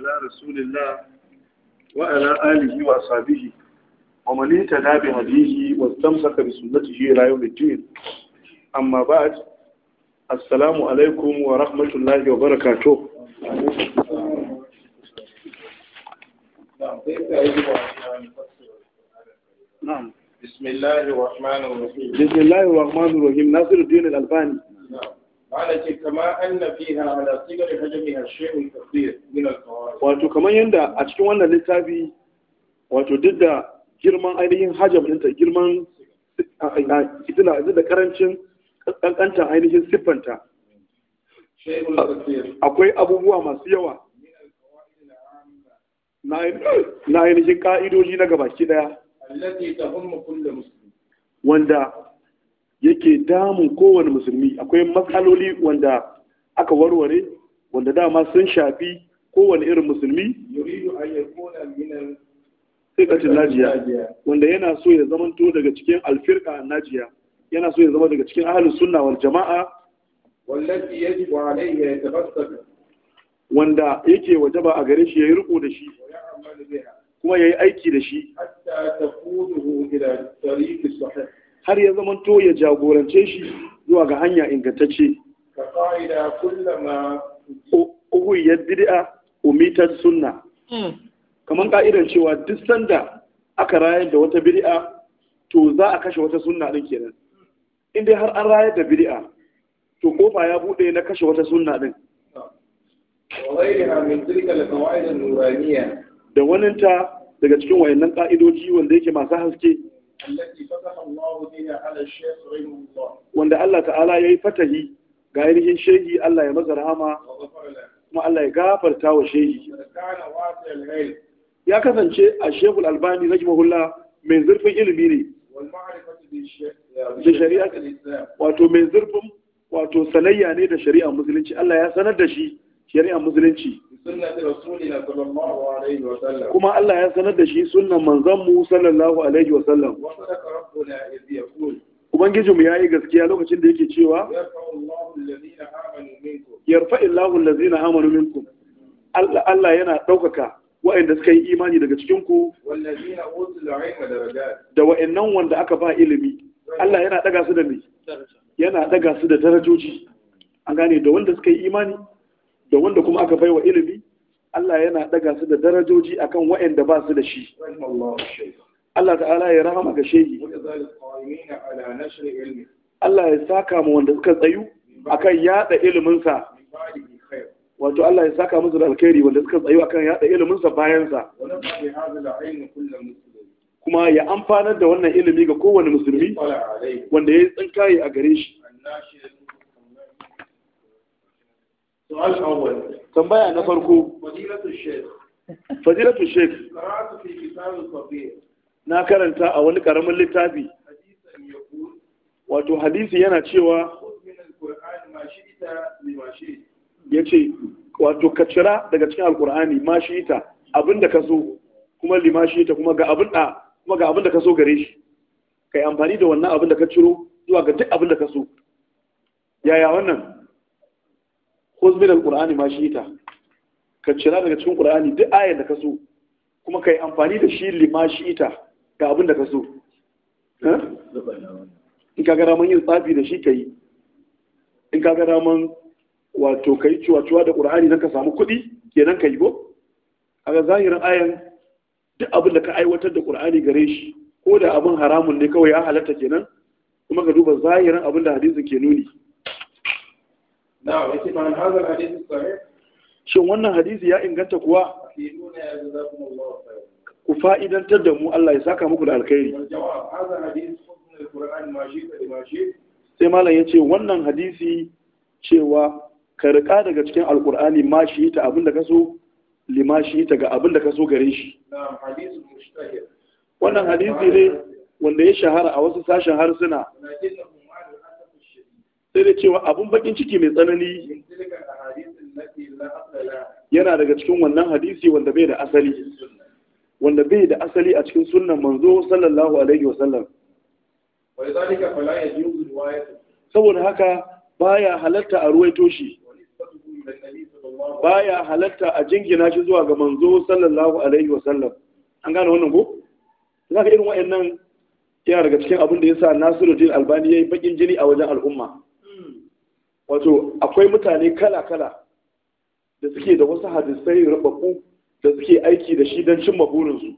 ala rasulillah wa ala alihi wa sahbihi wa man intada bi hadihi wa istamsaka bi sunnatihi ila yawm al-din amma ba'd assalamu alaikum wa rahmatullahi wa barakatuh بسم الله الرحمن الرحيم بسم الله الرحمن الرحيم ناصر الدين الألباني Mala ce kama anna fiha ala sigari hajmi hashim tafsir min al-qawaid. Wato kamar yadda a cikin wannan littafi wato duk da girman ainihin hajam ɗinta girman itila duk da karancin kankantar ainihin siffanta. Akwai abubuwa masu yawa na ainihin ka'idoji na gabaki ɗaya? Wanda yake damun kowane musulmi akwai matsaloli wanda aka warware wanda dama sun shafi kowane irin musulmi firkatin najiya wanda yana so ya zamanto daga cikin alfirka a najiya yana so ya zama daga cikin ahalin sunna wal jama'a wanda yake wajaba a gare shi yayi riko da shi kuma yayi aiki da shi har ya zama to ya jagorance shi zuwa ga hanya ingantacce ka ƙa'ida kullama ya bid'a umitar sunna hmm. kamar ka'idan cewa duk sanda aka rayar da wata bid'a to za a kashe wata sunna din kenan in dai har an rayar da bid'a to kofa ya bude na kashe wata sunna din da ta daga cikin wayannan ka'idoji wanda yake masu haske wanda Allah ta'ala ya yi fatahi ga ainihin shehi Allah ya maza rahama kuma Allah ya gafarta wa shehi ya kasance a shekul albani na jimahulla mai zurfin ilimi ne da shari'a wato mai zurfin wato sanayya ne da shari'a musulunci Allah ya sanar da shi shari'a musulunci kuma Allah ya sanar da shi sunan manzon mu sallallahu alaihi wa sallam mu yayi gaskiya lokacin da yake cewa yarfa'illahu allazina amanu minkum Allah Allah yana daukaka wa'anda suka yi imani daga cikin ku da wa'annan wanda aka ba ilimi Allah yana daga su da me yana daga su da darajoji an gane da wanda suka yi imani da wanda kuma aka baiwa ilimi Allah yana daga su da darajoji akan waɗanda ba su da shi Allah ta'ala ya rahama ga shehi Allah ya saka mu wanda suka tsayu akan yada ilimin sa wato Allah ya saka musu da alkhairi wanda suka tsayu akan yada ilimin sa bayan sa kuma ya amfanar da wannan ilimi ga kowane musulmi wanda ya tsinkaye a gare shi سؤال أول تنبأ أنا فرقو فضيلة الشيخ فضيلة الشيخ na karanta a wani karamin littafi wato hadisi yana cewa ya ce wato ka cira daga cikin alkur'ani ma shi ita da ka so kuma lima shi ita kuma ga abin da ka so gare shi ka yi amfani da wannan abin da ka ciro zuwa ga duk abin da ka so yaya wannan ko zubi daga ƙur'ani ma shi ita. ka cira daga cikin ƙur'ani duk ayar da ka so kuma ka yi amfani da shi lima shi ita ga abin da ka so eh? in ka gara man yin tsafi da shi ka yi in ka gara man wato ka yi cuwacuwa da ƙur'ani don ka samu kuɗi kenan ka yi ko a ga zahirin ayan duk abin da ka aiwatar da ƙur'ani gare shi ko da abin haramun ne kawai ya halatta kenan kuma ka duba zahirin abin da hadisin ke nuni na'am shin wannan hadisi ya inganta kuwa ku fa'idantar da mu Allah ya saka muku da alkhairi sai malam ya ce wannan hadisi cewa ka riƙa daga cikin alkur'ani ma shi ta abin da ka so lima shi ta ga abin da ka so gare shi wannan hadisi ne wanda ya shahara a wasu sashen harsuna sai da cewa abun bakin ciki mai tsanani yana daga cikin wannan hadisi wanda bai da asali wanda bai da asali a cikin sunnan manzo sallallahu alaihi wasallam saboda haka baya halatta a ruwaito shi baya halatta a jingina shi zuwa ga manzo sallallahu alaihi wasallam an gane wannan ko zaka irin wayannan yana daga cikin abin da yasa Nasiruddin Albani yayi bakin jini a wajen al'umma wato akwai mutane kala-kala da suke da wasu hadisai rababbu da suke aiki da shi don cimma burinsu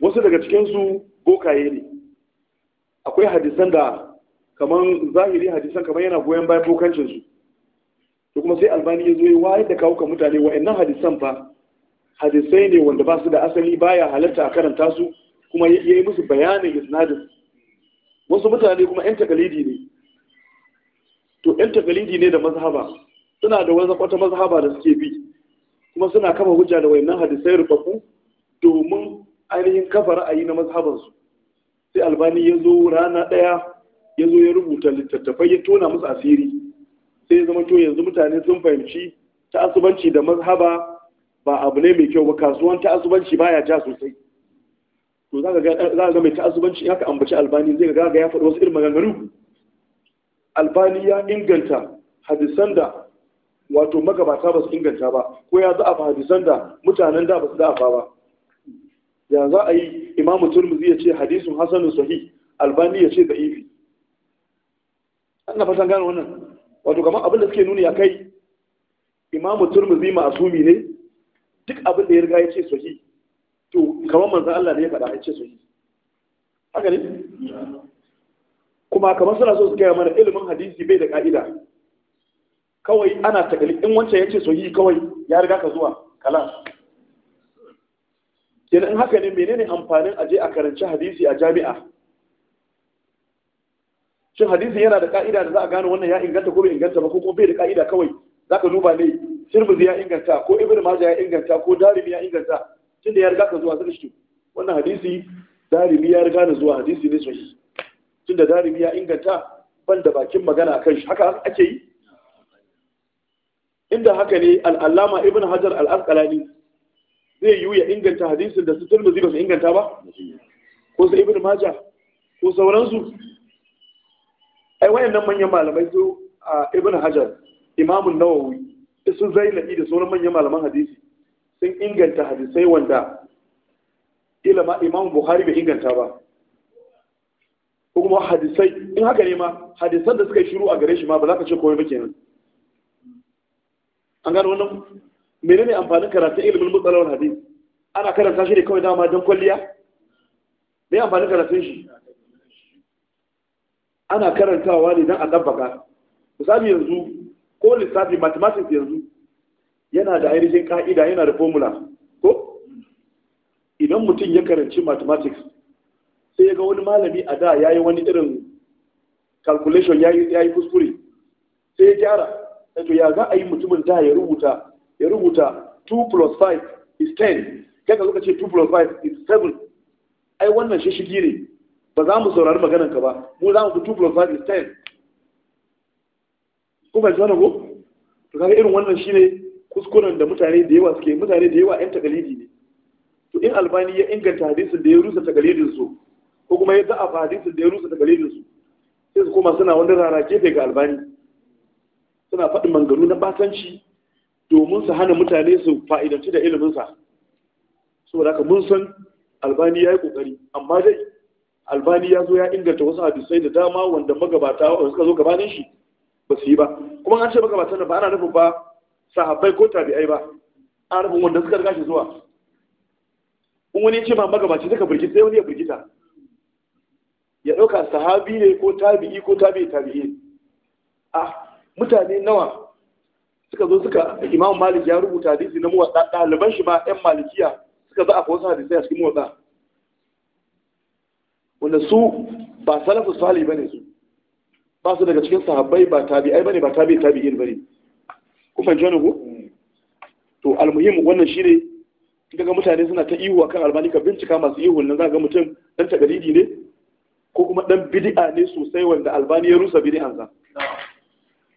wasu daga cikinsu bokaye ne akwai hadisan da kamar zahiri hadisan kamar yana goyon bayan bokancinsu to kuma sai albani ya zo yi wa da kawo ka mutane wa'annan hadisan fa hadisai ne wanda ba su da asali baya halatta a karanta su kuma ya yi musu bayanin isnadin wasu mutane kuma 'yan takalidi ne to ƴan takalidi ne da mazhaba suna da wani wata mazhaba da suke bi kuma suna kafa hujja da wayannan hadisai rufafu domin ainihin kafa ra'ayi na mazhabansu sai albani ya zo rana ɗaya ya zo ya rubuta littattafai ya tona musu asiri sai zama to yanzu mutane sun fahimci ta'asubanci da mazhaba ba abu ne mai kyau ba kasuwan ta'asubanci baya ja sosai to za ka ga mai ta'asubanci haka ambaci albani zai ga ga ya faɗi wasu irin maganganu albani ya inganta hadisan da wato magabata ba su inganta ba ko ya za'afa hadisan da mutanen da ba su za'afa ba ya za a yi imamu turmuzi ya ce hadisun hasanun sahi albani ya ce da an ana fatan gane wannan wato kamar abin da suke nuni a kai imamu turmuzi ma'asumi ne duk abin da ya riga ya ce sahi to kamar manzan Allah ne ya faɗa ya ce sahi haka ne kuma kamar suna so su gaya mana ilimin hadisi bai da ka'ida kawai ana takali in wancan ya ce yi kawai ya riga ka zuwa kala. kenan in haka ne menene amfanin aje a karanci hadisi a jami'a shin hadisi yana da ka'ida da za a gano wannan ya inganta ko bai inganta ba ko kuma bai da ka'ida kawai za ka duba ne shirbuzi ya inganta ko ibn majah ya inganta ko darimi ya inganta tunda ya riga ka zuwa sai shi wannan hadisi darimi ya riga na zuwa hadisi ne sahihi tunda jarumi ya inganta ban da bakin magana kan shi haka ake yi inda haka ne al'allama ibn hajar al'asqalani zai yiwu ya inganta hadisin da su turmuzi ba su inganta ba ko su ibn majah ko sauransu ai wayannan manyan malamai su a ibn hajar imamun nawawi su zainabi da sauran manyan malaman hadisi sun inganta hadisai wanda ilama imam buhari bai inganta ba ko kuma hadisai in haka ne ma hadisan da suka yi shiru a gare shi ma ba za ka ce kome ba kenan an gano wannan menene amfanin karatun ilimin mutsalawar hadis ana karanta shi ne kawai dama don kwalliya me amfanin karatun shi ana karantawa ne don a ɗabbaka misali yanzu ko lissafi mathematics yanzu yana da ainihin ka'ida yana da formula ko idan mutum ya karanci mathematics sai ya ga wani malami a da ya yi wani irin calculation ya yi kuskure sai ya gyara to ya za a yi mutumin da ya rubuta ya rubuta 2 plus 5 is 10 kai ka zuka ce 2 plus 5 is 7 ai wannan shi shigi ne ba za mu saurari maganan ka ba mu za mu fi 2 plus 5 is 10 kuma ba ko to kaga irin wannan shi ne kuskuren da mutane da yawa suke mutane da yawa yan takalidi ne to in albani ya inganta hadisin da ya rusa takalidin su ko kuma yadda a hadisin da ya rusa daga su sai su koma suna wani rarake daga albani suna faɗin manganu na batanci domin su hana mutane su fa'idanci da iliminsa saboda haka mun san albani ya yi ƙoƙari amma dai albani ya zo ya inganta wasu hadisai da dama wanda magabata wanda suka zo gabanin shi ba su yi ba kuma an ce magabata da ba ana nufin ba sahabbai ko tabi'ai ba an rufin wanda suka riga shi zuwa in wani ce ma magabaci suka birgita sai wani ya birgita ya ɗauka sahabi ne ko tabi'i ko tabi'i tabi'i a mutane nawa suka zo suka imam malik ya rubuta hadisi na muwatsa ɗaliban shi ma yan malikiya suka za a fa wasu hadisai a cikin muwatsa wanda su ba salafu salih bane su ba su daga cikin sahabbai ba tabi'ai bane ba tabi'i tabi'in bane ku fahimci wani ku to almuhim wannan shine kaga mutane suna ta ihu akan albani ka bincika masu ihu nan za ga mutum dan tagaridi ne ko kuma dan bid'a ne sosai wanda albani ya rusa bid'ansa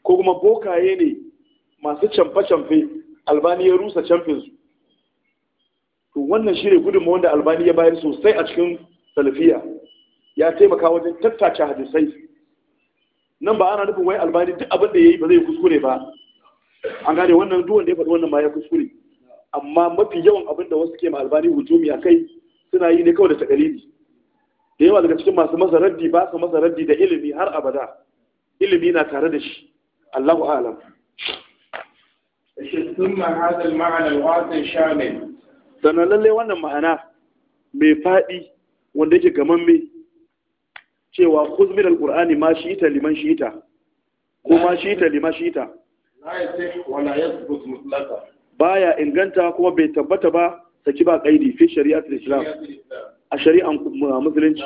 ko kuma bokaye ne masu canfe canfe albani ya rusa canfinsu to wannan shi ne gudunmawar wanda albani ya bayar sosai a cikin salafiya ya taimaka wajen tattace hadisai nan ba ana nufin wai albani duk abin da ya yi ba zai kuskure ba an gane wannan duwan da ya faɗi wannan ma ya kuskure amma mafi yawan abin da wasu ke ma albani hujumi a kai suna yi ne kawai da takalili da yawa daga cikin masu masa raddi ba su masa raddi da ilimi har abada ilimi na tare da shi Allahu a'lam ثم sannan lallai wannan ma'ana mai faɗi wanda yake gamamme cewa kuzmin alƙur'ani ma shi ita liman shi ita ko ma shi ita liman shi ita baya inganta kuma bai tabbata ba saki ba ƙaidi fi shari'atul islam a shari'an musulunci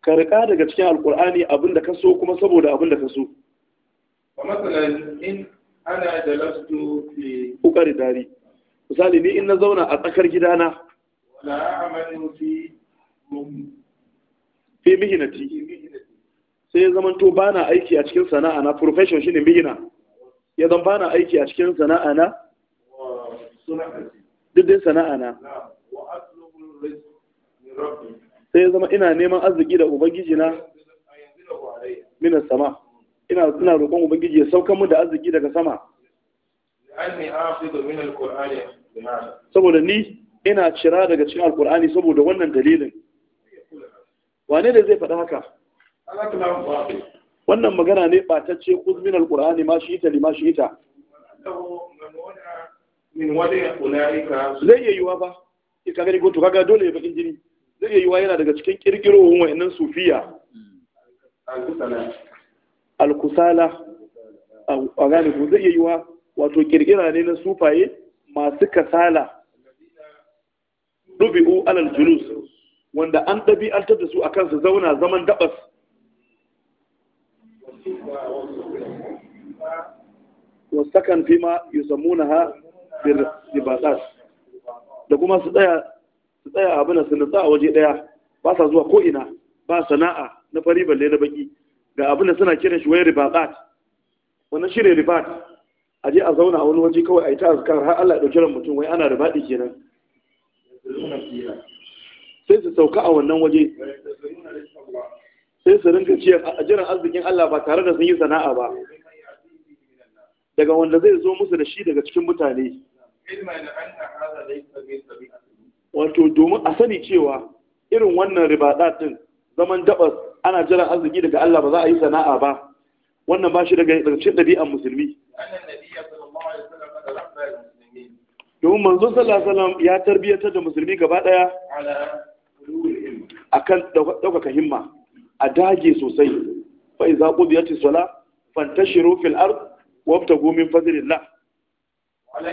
karka daga cikin alƙur'ani abinda ka so kuma saboda abinda ka so ƙoƙari dari misali ni in na zauna a tsakar gidana fi mihinati sai ya to ba na aiki a cikin sana'a na profession ne mihina ya zan ba na aiki a cikin sana'a na duk din sana'a na sai ya zama ina neman arziki da ubangiji na mina sama ina ina roƙon ubangiji ya saukar mu da arziki daga sama saboda ni ina cira daga cikin alkur'ani saboda wannan dalilin wane da zai faɗa haka wannan magana ne ɓatacce min alkur'ani ma shi ita ma shi ita zai iya yiwa ba ka gani ko to kaga dole ya bakin jini zai iya yiwa yana daga cikin kirkirowar wayannan sufiya alkusala a gani ko zai iya yiwa wato kirkira ne na sufaye masu kasala rubi'u alal julus wanda an ɗabi'antar da su a kansu zauna zaman dabas takan fi ma samu na ha da kuma su tsaya su tsaya abin su nutsa tsaya waje daya ba sa zuwa ko ina ba sana'a na fari balle na baki ga abin da suna kiran shi wai ribatat wannan shi ne ribat a je a zauna a wani waje kawai a yi ta azkar har Allah ya dauki ran mutum wai ana ribadi kenan sai su sauka a wannan waje sai su rinka ciyar a jiran arzikin Allah ba tare da sun yi sana'a ba daga wanda zai zo musu da shi daga cikin mutane wato domin a sani cewa irin wannan ribaɗa din zaman dabas ana jiran arziki daga Allah ba za a yi sana'a ba wannan ba shi daga cikin ɗabi'an musulmi domin manzo sallallahu alaihi wasallam ya tarbiyyatar da musulmi gaba daya akan ɗaukaka himma a dage sosai fa iza qudiyatis sala fantashiru fil ard wabtagu min fadlillah ala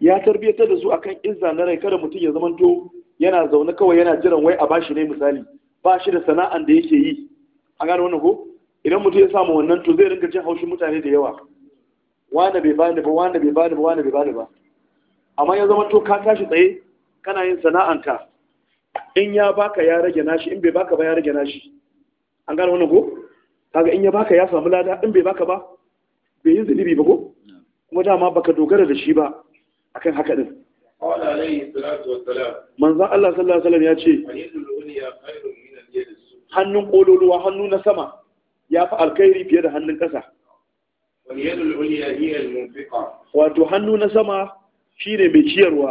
ya tarbiyyatar da su akan izza na rai kada mutum ya zamanto yana zaune kawai yana jiran wai a bashi ne misali ba shi da sana'an da yake yi an gane wannan ko idan mutum ya samu wannan to zai rinka jin haushin mutane da yawa wanda bai bani ba wanda bai bani ba wanda bai bani ba amma ya zama to ka tashi tsaye kana yin sana'anka in ya baka ya rage nashi in bai baka ba ya rage nashi an gane wannan ko kaga in ya baka ya samu lada in bai baka ba bai yi zunubi ba ko kuma dama baka dogara da shi ba akan haka din manzo Allah sallallahu alaihi ya ce hannun kololuwa hannu na sama ya fi alkhairi fiye da hannun ƙasa wato hannu na sama shi ne mai ciyarwa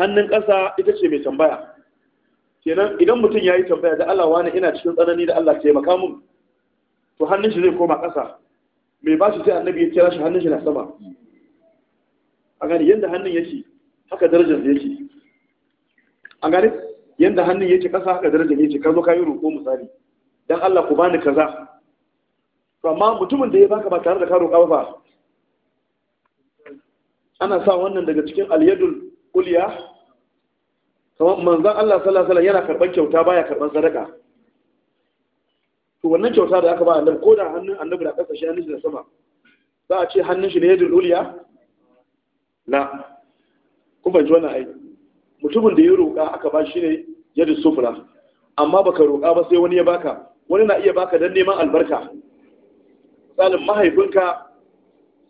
hannun ƙasa ita ce mai tambaya kenan idan mutum ya yi tambaya da Allah wani ina cikin tsanani da Allah taimaka mun to hannun shi zai koma ƙasa mai ba shi sai annabi ya kira shi hannun shi na sama a gane yadda hannun yake haka darajar yake a gane yadda hannun yake kasa haka darajar yake ka zo ka yi roƙo misali Don Allah ku bani kaza to amma mutumin da ya baka ba tare da ka roƙa ba ana sa wannan daga cikin alyadul ulya kamar manzon Allah sallallahu alaihi yana karban kyauta baya karban sadaka to wannan kyauta da aka ba annabi ko da hannun annabi da kasa shi hannun shi da sama za a ce hannun shi ne yadul ulya Ku kun fahimci wannan ai mutumin da ya roƙa aka ba shi ne yadda sufura amma baka roƙa ba sai wani ya baka wani na iya baka don neman albarka misalin mahaifinka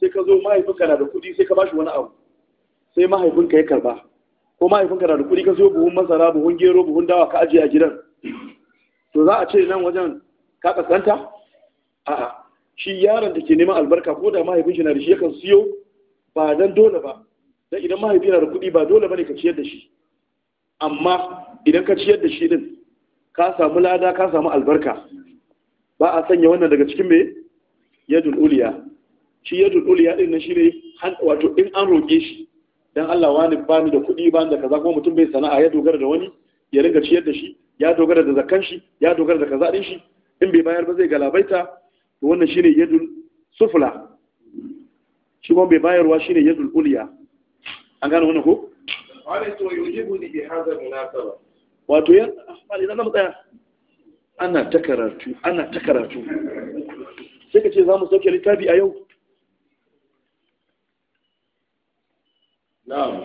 sai ka zo mahaifinka na da kuɗi sai ka ba shi wani abu sai mahaifinka ya karba ko mahaifinka na da kuɗi ka zo buhun masara buhun gero buhun dawa ka ajiye a gidan to za a ce nan wajen ka kasanta a'a shi yaron da ke neman albarka ko da mahaifin shi na da shi yakan siyo ba dan dole ba dan idan mahaifi yana da kuɗi ba dole bane ka ciyar da shi amma idan ka ciyar da shi din ka samu lada ka samu albarka ba a sanya wannan daga cikin me yadul uliya shi yadul uliya din nan shine wato in an roƙe shi dan Allah wani ba ni da kuɗi ba ni da kaza kuma mutum bai sana'a ya dogara da wani ya ringa ciyar da shi ya dogara da zakan shi ya dogara da kaza din shi in bai bayar ba zai galabaita to wannan shine yadul sufla shi kuma bai bayarwa shine yadul uliya an gano wani ko qalitu wa yujibuni bi hadha munasaba wato yan ahmad idan mu tsaya ana ta karatu ana ta karatu sai ka ce za mu sauke littafi a yau na'am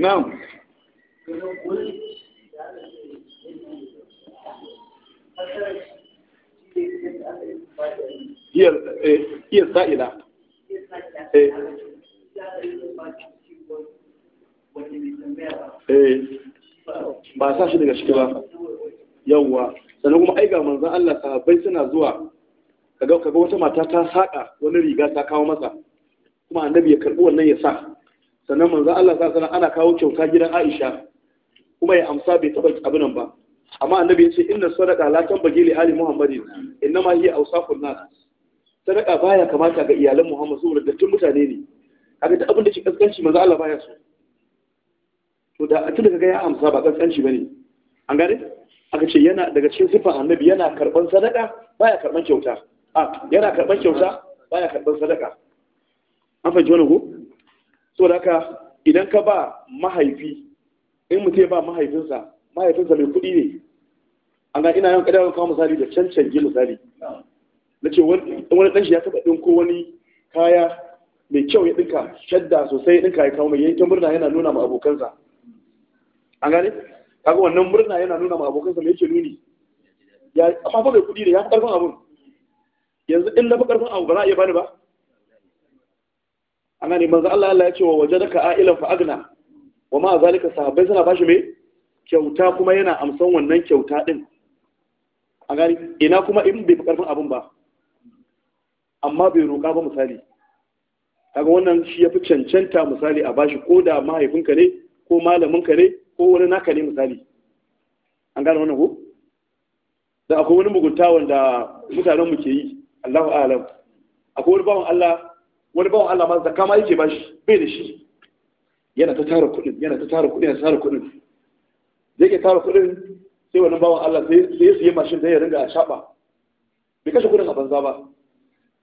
na'am هي السائلة Eh, ba sa shi daga ciki ba yawwa sannan kuma aiga manzan Allah sahabbai suna zuwa kaga kaga wata mata ta saƙa wani riga ta kawo masa kuma annabi ya karɓi wannan ya sa sannan manzan Allah sa sanan ana kawo kyauta gidan Aisha kuma ya amsa bai taɓa abin nan ba amma annabi ya ce inna sadaqa la tanbaghi li ali muhammadin yi hiya awsaqun nas sadaka baya kamata ga iyalan Muhammad saboda dattin mutane ne kaga duk abin da ke kaskanci manzo Allah baya so to da tun ga ya amsa ba kaskanci bane an gane aka ce yana daga cikin sifan annabi yana karban sadaka baya karban kyauta a yana karban kyauta baya karban sadaka an fahimci wani ko saboda haka idan ka ba mahaifi in mutum ya ba mahaifinsa mahaifinsa mai kuɗi ne an ga ina yawan kaɗa kawo misali da cancanci misali na ce wani ɗanshi ya taɓa ɗinko wani kaya mai kyau ya ɗinka shadda sosai ya ɗinka ya kawo mai yanke murna yana nuna ma abokansa an gane kaga wannan murna yana nuna ma abokansa mai yake nuni ya amma fa mai kuɗi ne ya fi ƙarfin abun yanzu in na fi ƙarfin abu ba za a iya bani ba an gane manzo Allah Allah ya ce wa wajadaka a'ilan fa agna wa ma zalika sahabbai suna bashi mai kyauta kuma yana amsan wannan kyauta din a gani ina kuma in bai fi ƙarfin abun ba amma bai roƙa ba misali kaga wannan shi ya cancanta misali a bashi ko da mahaifinka ne ko malaminka ne ko wani naka ne misali an gane wannan ko da akwai wani mugunta wanda mutanen mu ke yi Allahu a'lam akwai wani bawan Allah wani bawan Allah ma zakka ma yake bashi bai da shi yana ta tara kuɗin yana ta tara kuɗin yana tara kuɗin zai ke tara kuɗin sai wani bawan Allah sai ya mashin da ya ringa a shaba. bai kashe kuɗin a banza ba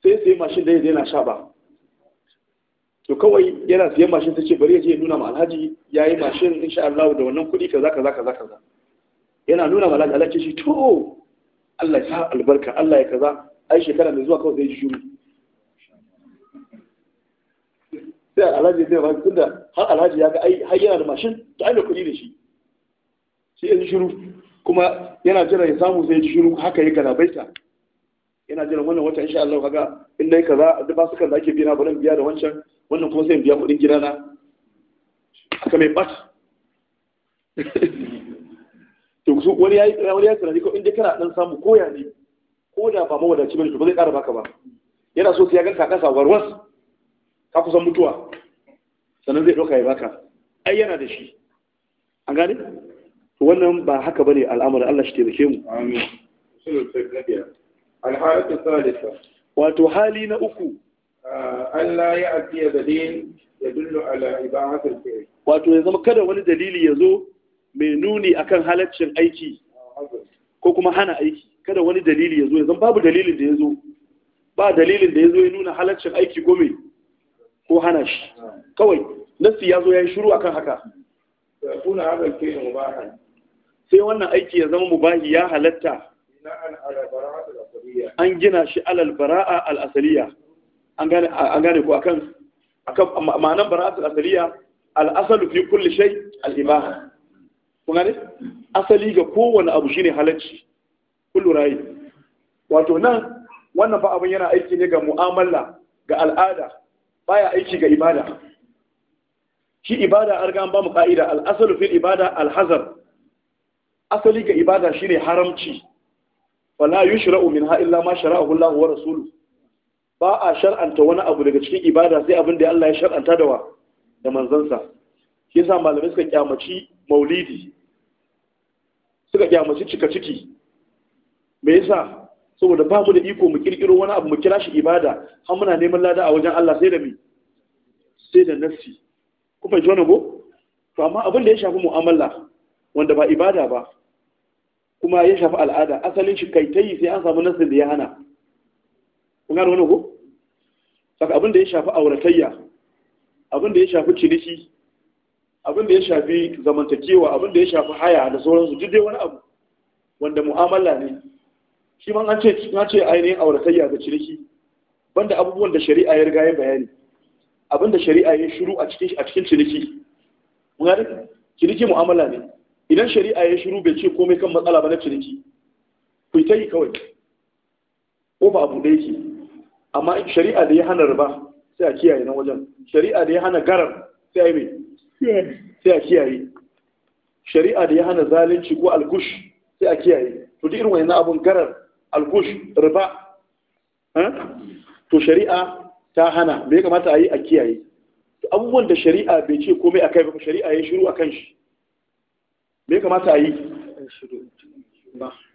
sai sai mashin da ya daina sha ba to kawai yana siyan mashin ta ce bari ya je nuna ma alhaji ya yi mashin insha Allah da wannan kuɗi kaza kaza kaza kaza yana nuna ma alhaji alhaji shi to Allah ya albarka Allah ya kaza ai shekara mai zuwa kawai zai ji shuru sai alhaji sai wani tunda har alhaji ya ga ai har yana da mashin to ai da kuɗi da shi sai ya ji shuru kuma yana jira ya samu sai ya ji shuru haka ya galabaita ina jiran wannan wata insha Allah kaga in dai kaza duk ba su kan da ake biya ba bari biya da wancan wannan kuma sai in biya kuɗin gidana aka mai bat to su wani yayi wani yayi tunani ko in dai kana dan samu koya ne ko da ba mawadaci bane to ba zai ƙara baka ba yana so sai ya ganka kasa warwas ka kusan mutuwa sannan zai ɗauka ya baka ai yana da shi an gane to wannan ba haka bane al'amarin Allah shi taimake mu amin alhalatu wato hali na uku Allah ya addiya dalil ya dullu ala ibahatul fi'l wato ya zama kada wani dalili ya zo mai nuni akan halaccin aiki ko kuma hana aiki kada wani dalili ya zo ya zama babu dalilin da ya zo ba dalilin da ya zo ya nuna halaccin aiki ko mai ko hana shi kawai nassi ya zo ya yi shiru akan haka kuna haka ke sai wannan aiki ya zama mubahi ya halatta an gina shi alal bara'a al asaliya an gane ku akan ma'anar bara'a al asaliya al asalu fi kulli shay al ibaha kun gane asali ga kowane abu shine halacci kullu rayi wato nan wannan fa abin yana aiki ne ga mu'amala ga al'ada baya aiki ga ibada shi ibada an an ba mu ka'ida al asalu fil ibada al hazar asali ga ibada shine haramci fala yushra'u minha illa ma shara'ahu Allah wa rasuluhu ba a shar'anta wani abu daga cikin ibada sai abin da Allah ya shar'anta da wa da manzansa shi yasa malamai suka kyamaci maulidi suka kyamaci cika ciki me yasa saboda ba mu da iko mu kirkiro wani abu mu kira shi ibada har muna neman lada a wajen Allah sai da mi sai da nafsi ku ji wannan go to amma abin da ya shafi mu'amala wanda ba ibada ba kuma ya shafi al'ada asalin shi kai tayi sai an samu nasin da ya hana kun gano wani ko saka abin da ya shafi auratayya abin da ya shafi ciniki abin da ya shafi zamantakewa abin da ya shafi haya da sauransu duk dai wani abu wanda mu'amala ne shi man an ce na ce ainihin auratayya da ciniki banda abubuwan da shari'a ya riga ya bayani abin da shari'a ya shiru a cikin a cikin ciniki mun ga ciniki mu'amala ne idan shari'a ya shiru bai ce komai kan matsala ba na ciniki ku ta yi kawai ko ba abu ɗaya ke amma shari'a da ya hana riba sai a kiyaye nan wajen shari'a da ya hana garar sai a yi mai sai a kiyaye shari'a da ya hana zalunci ko alkush sai a kiyaye to duk irin wani abun garar alkush, riba eh? to shari'a ta hana me kamata a yi a kiyaye abubuwan da shari'a bai ce komai a kai ba shari'a ya shiru a kan shi me kamata a yi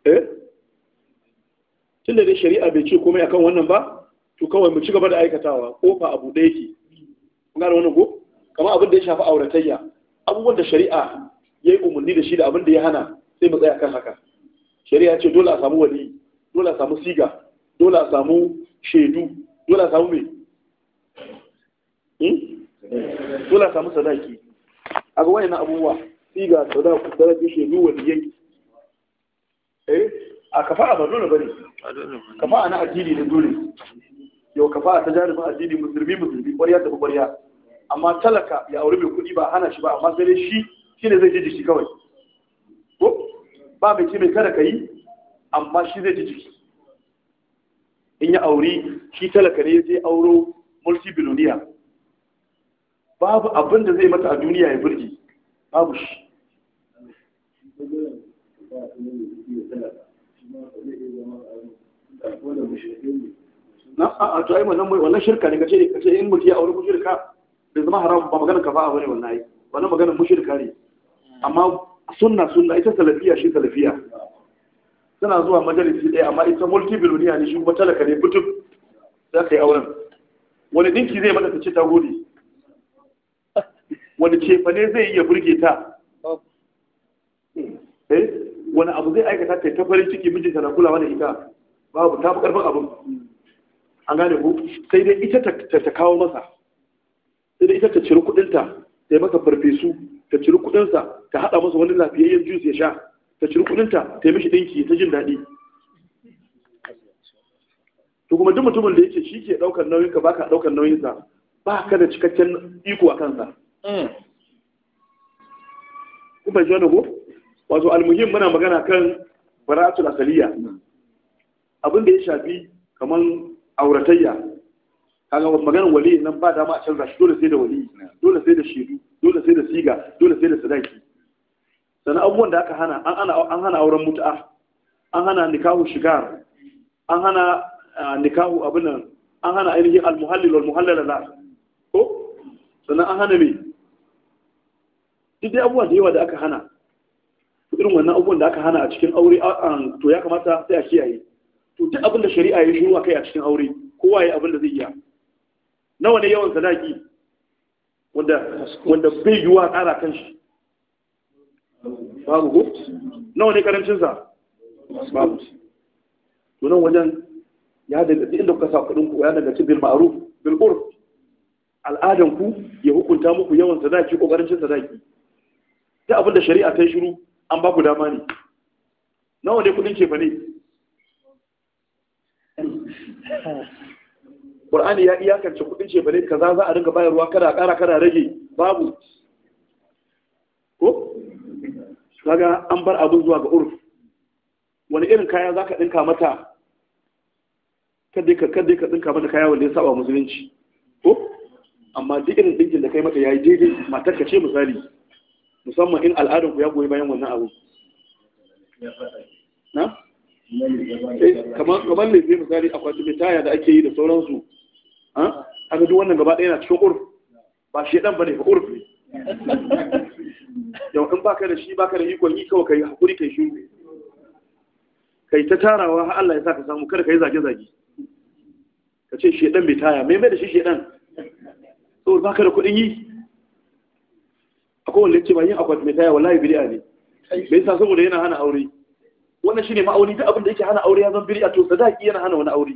eh tunda dai shari'a bai ce komai akan wannan ba to kawai mu ci gaba da aikatawa kofa abu da ke kun gane wannan ko kamar abin da ya shafi auratayya abubuwan da shari'a ya yi umarni da shi da abin da ya hana sai mu tsaya kan haka shari'a ce dole a samu wali dole a samu siga dole a samu shaidu dole a samu me hmm? dole a samu sadaki a ga wayannan abubuwa siga sadaku sadaki shaidu waliyai eh a a kafa'a ba ne, kafa a na addini da dole yau a ta jarumin addini musulmi musulmi kwariya da kwariya amma talaka ya aure mai kuɗi ba hana shi ba amma sai shi shi ne zai ji jiki kawai ko ba mai ce mai kada ka yi amma shi zai ji jiki in ya auri shi talaka ne ya je auro multi biloniya babu abin da zai mata a duniya ya burge babu shi na a to ai wannan wannan shirka ne kace kace in mutum ya aure mushrika bai zama haram ba magana ka ba bane wannan ai wannan magana shirka ne amma sunna sunna ita salafiya shi salafiya suna zuwa majalisi ɗaya amma ita multi biloniya ne shi kuma talaka ne butuk za ka yi auren wani dinki zai mata ta ce ta gode wani cefane zai iya burge ta eh wani abu zai aikata ta ta farin ciki mijinta na kulawa da ita babu ta fi karfin abin an gane ku sai dai ita ta kawo masa sai dai ita ta ciri kudinta ta yi masa farfesu ta ciri kudinsa ta haɗa masa wani lafiyayyen jus ya sha ta ciri kudinta ta yi mishi ɗinki ta jin daɗi to kuma duk mutumin da yake shi ke ɗaukar nauyin ka baka ɗaukar nauyin sa ba ka da cikakken iko a kansa Hmm. ku fahimci wannan ko wato almuhim muna magana kan baratul asaliya abin da ya shafi kamar auratayya kaga maganar wali nan ba dama a canza shi dole sai da wali dole sai da shedu dole sai da siga dole sai da sadaki sannan abubuwan da aka hana an hana auren mutu'a an hana nikahu shigar an hana nikahu abin nan an hana ainihin almuhallil wal ko sannan an hana me duk dai abubuwa da yawa da aka hana irin wannan abubuwan da aka hana a cikin aure to ya kamata sai a kiyaye to duk abin da shari'a ya shiru a kai a cikin aure kowa ya abin da zai iya nawa ne yawan sadaki wanda wanda bai yiwa ƙara kan shi babu ko nawa ne karancin sa babu to nan wajen ya da duk inda kuka sa kuɗin ku ya daga ci ma'ruf bil urf al'adan ku ya hukunta muku yawan sadaki ko karancin sadaki ta abin da shari'a ta yi shiru an ba ku dama ne nawa ne kudin kefa ne ƙur'ani ya iyakance kudin kefa ne kaza za a ringa bayarwa kada ƙara kada rage babu ko daga an bar abin zuwa ga urf wani irin kaya za ka ɗinka mata kadai ka kadai ka ɗinka mata kaya wanda ya saba musulunci ko amma duk irin ɗinkin da kai mata ya yi daidai matar ka ce misali musamman in al'adun ku ya goyi bayan wannan abu na eh, kamar lefe misali akwai mai taya da ake yi da sauransu haka duk wannan gaba ɗaya na cikin urf ba shi ɗan ba ne ba urf ne yau in baka da shi baka da ikon yi kawai kai hakuri kai shi kai ta tarawa har Allah ya sa ka samu kada ka yi zage-zage ka ce shedan bai taya mai mai da shi shedan saboda baka da kuɗin yi akwai wanda ce ba yin akwati mai taya wallahi bid'a ne me yasa saboda yana hana aure wannan shine ma'auni duk abin da yake hana aure ya zama bid'a to sadaki yana hana wani aure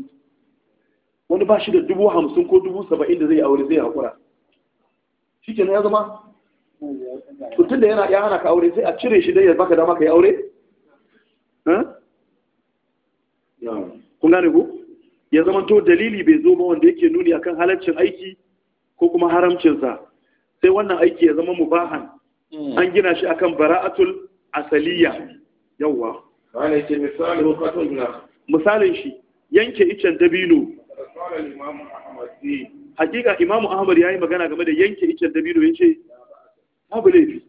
wani ba shi da dubu hamsin ko dubu saba'in da zai aure zai haƙura shi kenan ya zama tun da yana ya hana ka aure sai a cire shi dai ya baka dama ka yi aure kun gane ku ya zama to dalili bai zo ba wanda yake nuni akan halaccin aiki ko kuma haramcinsa sai wannan aiki ya zama mubahan hmm. an gina shi akan bara'atul asaliya yawa misalin shi yanke icen dabino eh. hakika imamu ahmad ya yi magana game da yanke icen dabino ya ce babu laifi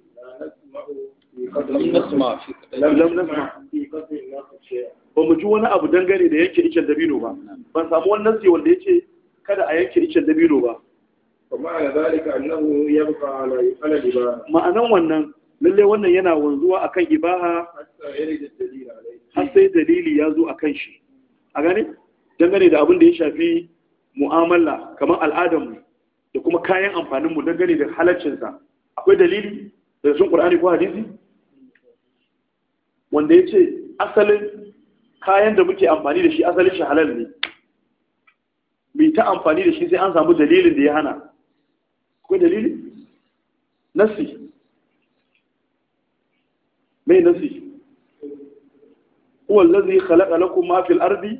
ba mu ji wani abu dangane da yanke icen dabino ba ban samu wani nasi wanda ya ce kada a yanke icen dabino ba ma'anan wannan lalle wannan yana wanzuwa akan ibaha har sai dalili ya zo kan shi a gani, dangane da abin da ya shafi mu'amala kamar al'adarmu da kuma kayan amfaninmu dangane da halaccinsa akwai dalili da sun ƙur'ani ko hadisi wanda ya ce asalin kayan da muke amfani da shi asalin shi halal ne mai ta amfani da shi sai an samu dalilin da ya hana akwai dalili nasi mai nasi huwa allazi khalaka lakum ma fil ardi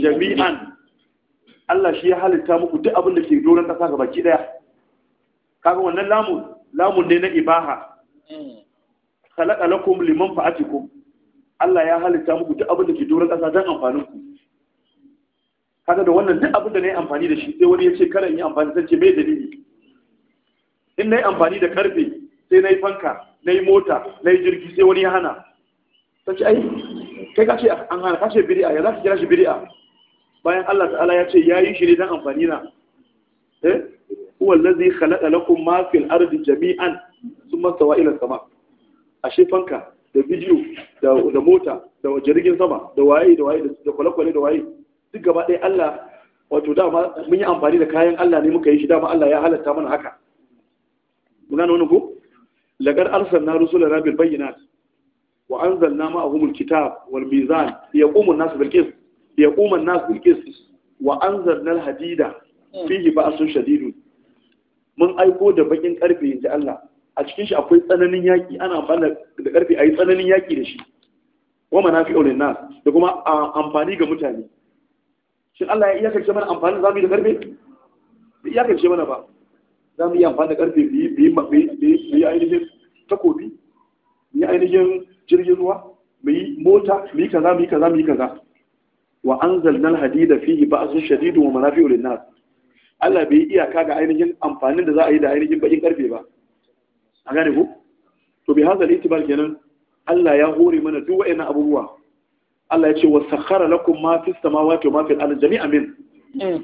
jami'an Allah shi ya halitta muku duk abin da ke doron ƙasa ga baki daya kaga wannan lamun lamun ne na ibaha khalaka lakum liman fa'atikum Allah ya halitta muku duk abin da ke doron ƙasa don amfanin ku kaga da wannan duk abin da ne amfani da shi sai wani ya ce karan in yi amfani sai ce mai dalili in nayi amfani da karfe sai na yi fanka na yi mota na yi jirgi sai wani ya hana sai ai kai ka ce an hana ka ce biri'a? ya za ka kira shi biri'a. bayan Allah ta'ala ya ce ya yi shi ne dan amfani na eh huwa allazi khalaqa lakum ma fil ardi jami'an thumma stawa ila sama ashe fanka da bidiyo da mota da jirgin sama da waye da waye da kwale-kwale da waye duk gaba ɗaya Allah wato dama mun yi amfani da kayan Allah ne muka yi shi dama Allah ya halatta mana haka gano wani ko lagar arsalna rusula rabil bayyana wa anzalna ma'ahum alkitab wal mizan yaqumu an-nas bil qist yaqumu an-nas bil qist wa anzalna al-hadida fihi ba'sun shadidun mun aiko da bakin karfe inji Allah a cikin shi akwai tsananin yaki ana amfani da karfe ayi tsananin yaki da shi wa manafi'u lin-nas da kuma amfani ga mutane shin Allah ya iyakance mana amfani zamu yi da karfe iyakance mana ba za mu yi amfani da karfe biyu biyu ainihin takobi mu yi ainihin jirgin ruwa mu yi mota mu yi kaza mu yi kaza mu yi kaza wa zalnal hadida fihi ba'sun shadidun wa manafi'u lin-nas Allah bai iyaka ga ainihin amfanin da za a yi da ainihin bakin karfe ba a gane ku to bi hazal itibar kenan Allah ya hore mana duk wa'annan abubuwa Allah ya ce wa sakhara lakum ma fis samawati wa ma fil ardi jami'an min mm.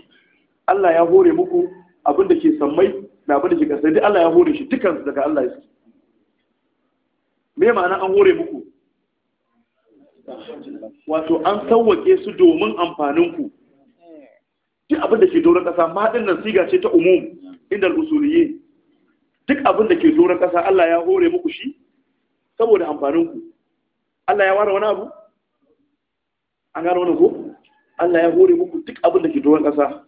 Allah ya hore muku abin da ke sammai Na abin da ke kasai duk Allah ya hore shi dukansu daga Allah yake me ma'ana an hore muku wato an sauwake su domin amfaninku duk abin da ke doron ƙasa maɗin nan siga ce ta umum inda al'usuliye duk abin da ke doron ƙasa Allah ya hore muku shi saboda amfaninku Allah ya ware wani abu an gano wani ko Allah ya hore muku duk abin da ke doron ƙasa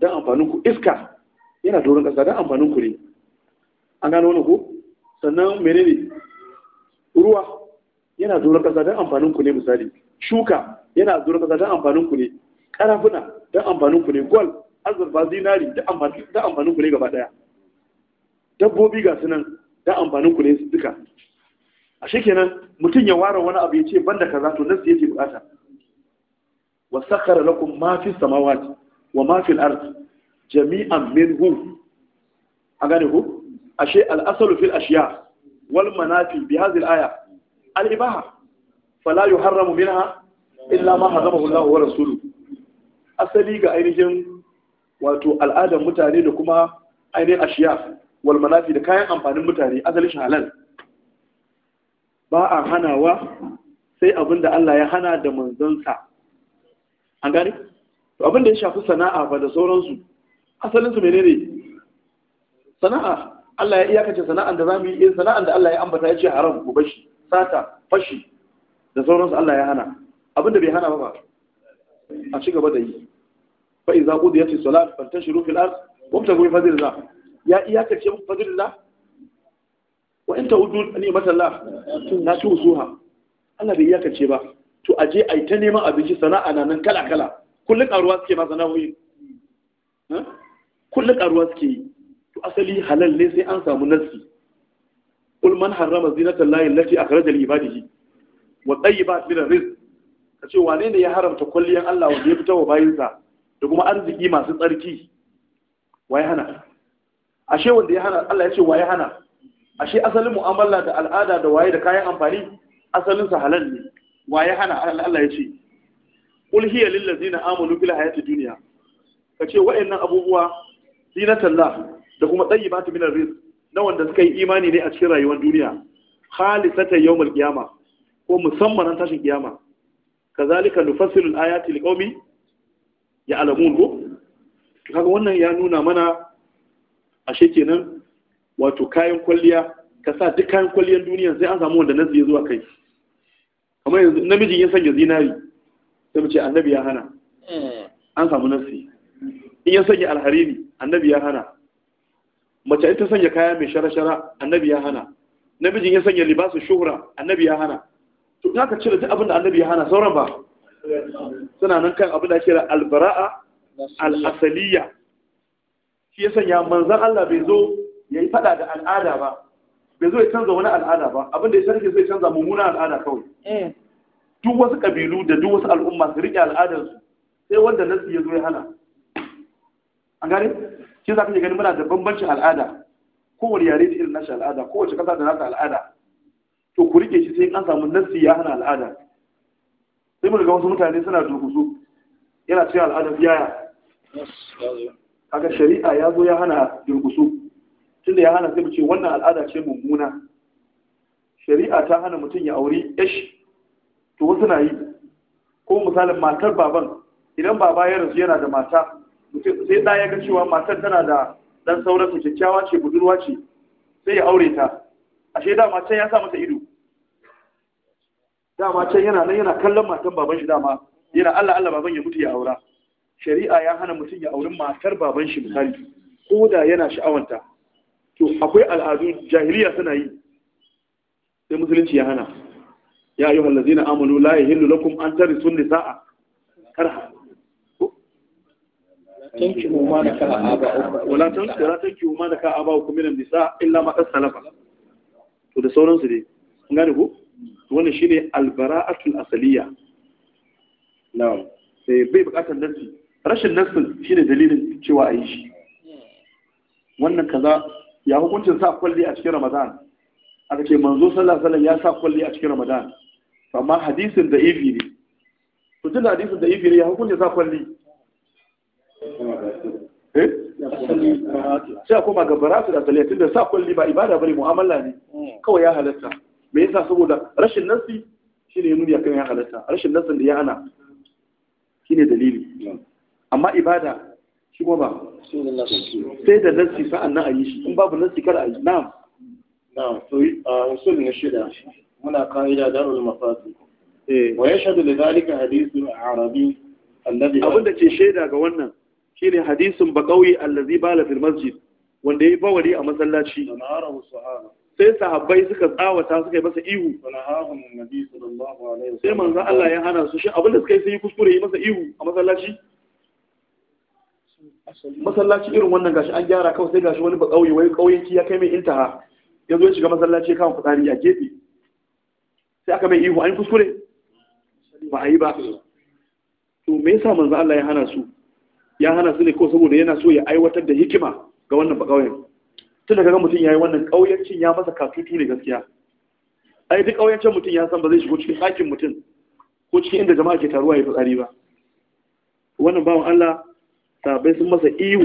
don amfaninku iska yana doron ƙasa don amfanin ku ne an gano wani ko sannan ne. ruwa yana doron ƙasa don amfanin ku ne misali shuka yana doron ƙasa don amfanin ku ne karafuna don amfanin ku ne gwal azurfa zinari don amfanin ku ne gaba ɗaya dabbobi ga sunan don amfanin ku ne duka a shekenan mutum ya ware wani abu ya ce banda kaza to nasu yake bukata wa sakkara lakum ma fi samawati wa ma fil jami'an minhum a gane ku ashe al'asalu fil ashiya wal manafi bi hadhihi al-aya al-ibaha fala yuharramu minha illa ma zama Allah wa rasuluhu asali ga ainihin wato al'adar mutane da kuma ainihin ashiya wal manafi da kayan amfanin mutane asali shi halal ba a hanawa sai abin da Allah ya hana da manzansa an gane to abin da ya shafi sana'a ba da sauransu asalin su menene sana'a Allah ya iyakace sana'an da zamu yi eh, sana'an da Allah ya ambata ya ce haram ku bashi sata fashi da sauransu Allah ya hana abinda bai hana ba a ci gaba da yi fa qudiya fi salat fi al ard fi fadl fadlillah ya iyakace fadl fadlillah wa in ta'udu ni'matallah tun na tu suha Allah bai iyakace ba to aje ai ta neman abinci sana'a nan kala kala kullun karuwa suke ma sana'o'i kullum karuwa suke yi to asali halal ne sai an samu nassi kul man harrama zinata llahi allati akhraja li ibadihi wa tayyibat min rizq kace wane ne ya haramta kulliyan Allah wanda ya fita wa bayinsa da kuma arziki masu tsarki waye hana ashe wanda ya hana Allah ya ce waye hana ashe asalin mu'amala da al'ada da waye da kayan amfani asalinsa halal ne waye hana Allah ya ce kul hiya lil ladina amanu fil hayati dunya kace wa'annan abubuwa zinatallah da kuma tayyibatu minar rizq na wanda suka yi imani ne a cikin rayuwar duniya khalisata yawmal qiyama ko musamman an tashin kiyama kazalika nufassilu al-ayati liqaumi ya'lamun ko kaga wannan ya nuna mana ashe kenan wato kayan kwalliya ka sa duk kayan kwalliyar duniya sai an samu wanda nazi ya zuwa kai kamar yanzu namiji ya sanya zinari sai mu ce annabi ya hana eh. an samu nasi in ya sanya alhariri annabi ya hana mace ita sanya kaya mai shara-shara annabi ya hana namijin ya sanya libasin shuhura annabi ya hana to ka cire duk abin da annabi ya hana sauran ba suna nan kan abin da ake da albara'a al'asaliya shi ya sanya manzan Allah bai zo ya yi fada da al'ada ba bai zo ya canza wani al'ada ba abin da ya sarki zai canza mummuna al'ada kawai eh. duk wasu ƙabilu da duk wasu al'umma su riƙe al'adarsu sai wanda nasu ya zo ya hana an gane shi za ka je ganin muna da bambancin al'ada kowane yare ta irin nashi al'ada kowace kasa da nasa al'ada to ku rike shi sai an samu nasi ya hana al'ada sai mu ga wasu mutane suna durkusu yana cewa al'adar biyaya kaga shari'a ya zo ya hana durkusu tunda ya hana sai mu ce wannan al'ada ce mummuna shari'a ta hana mutum ya auri yashi to wasu na yi ko misalin matar baban idan baba ya rasu yana da mata sai ɗaya ya ga cewa matar tana da dan sauransu kyakkyawa ce budurwa ce sai ya aure ta ashe da can ya sa mata ido da can yana nan yana kallon matan baban shi dama yana Allah Allah baban ya mutu ya aura shari'a ya hana mutum ya auri matar baban shi misali ko da yana sha'awanta to akwai al'adu jahiliya suna yi sai musulunci ya hana ya ayyuhal ladzina amanu la yahillu lakum an tarisu nisaa karha tankihu ma naka aba'ukum wala tankihu wala tankihu ma naka aba'ukum min nisa illa ma salafa to da sauransu dai kun gane ku. wannan shine albara'atul asaliya na'am sai eh, bai bukatar nassi rashin nassin shine dalilin cewa a shi wannan kaza ya hukuncin sa kwalli a cikin ramadan aka ce manzo sallallahu alaihi ya sa kwalli a cikin ramadan amma hadisin da ifi ne to tun hadisin da ifi ne ya hukunta sa kwalli Eh? sai a koma ga baratu da asaliya tunda sa kulli ba ibada bane mu'amala ne kawai ya halatta me yasa saboda rashin nasi shine nuni akan ya halatta rashin nasin da ya ana shine dalili amma ibada shi kuma ba sai da nasi sa'an nan a yi shi in babu nasi kada a yi na'am na'am to a usul na shida muna ka'ida darul mafasi eh. wa yashhadu lidhalika hadithun arabi alladhi abinda ke shaida ga wannan shine hadisin baqawi allazi bala fil masjid wanda yayi bawari a masallaci sai sahabbai suka tsawata suka yi masa ihu sai manzo Allah ya hana su shi abinda suka yi sai kuskure yi masa ihu a masallaci masallaci irin wannan gashi an gyara kawai sai gashi wani ba kauye wai kauyenci ya kai mai intaha yanzu ya shiga masallaci kawai fitsari a gefe sai aka mai ihu an kuskure ba a yi ba to me yasa manzo Allah ya hana su ya hana su ne ko saboda yana so ya aiwatar da hikima ga wannan bakauyen tun da kaga mutum ya yi wannan ƙauyencin ya masa katutu ne gaskiya ai duk ƙauyancin mutum ya san ba zai shigo cikin ɗakin mutum ko cikin inda jama'a ke taruwa ya fitsari ba wannan bawan Allah sabai sun masa ihu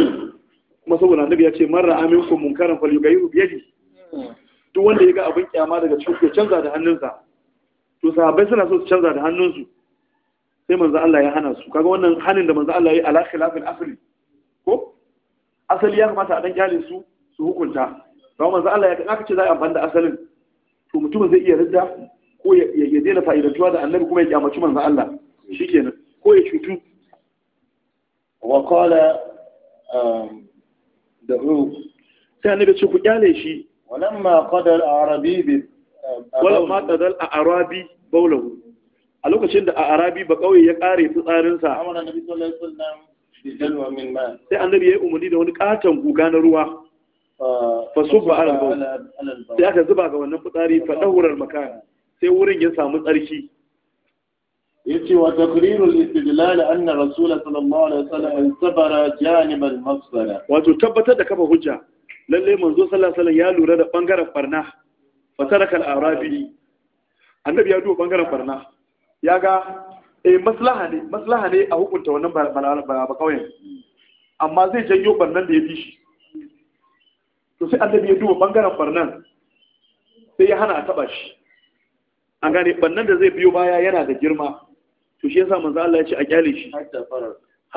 kuma saboda annabi ya ce man ra'a minkum munkaran falyughayyiru bi yadihi duk wanda ya ga abin kyama daga cikin ya canza da hannunsa to sahabbai suna so su canza da hannunsu sai manzo Allah ya hana su kaga wannan halin da manzo Allah ya yi ala khilafil asli ko asali ya kamata a dan kyalin su su hukunta ba manzo Allah ya kaga ce za a amfani da asalin to mutumin zai iya ridda ko ya daina fa'idantuwa da annabi kuma ya kyamaci manzo Allah shikenan ko ya cutu wa qala um, da sai annabi ce ku kyale shi walamma qadal arabi bi uh, walamma qadal arabi bawlahu a lokacin da a arabi ba kawai ya kare tsarinsa. sai annabi ya yi umarni da wani katon guga na ruwa fasu ba alal sai aka zuba ga wannan fitsari fadahurar makan sai wurin ya samu tsarki Ya ce wa taqrirul istidlal anna rasul sallallahu alaihi wasallam sabara janib al wato tabbatar da kafa hujja lalle manzo sallallahu alaihi wasallam ya lura da bangaren farna fataraka al arabi annabi ya duba bangaren farna ya ga eh maslaha ne maslaha ne a hukunta wannan ba kawai amma zai janyo barnan da ya fi shi to sai annabi ya duba bangaren barnan sai ya hana a taba shi an gane barnan da zai biyo baya yana da girma to shi yasa manzo Allah ya ce a kyale shi har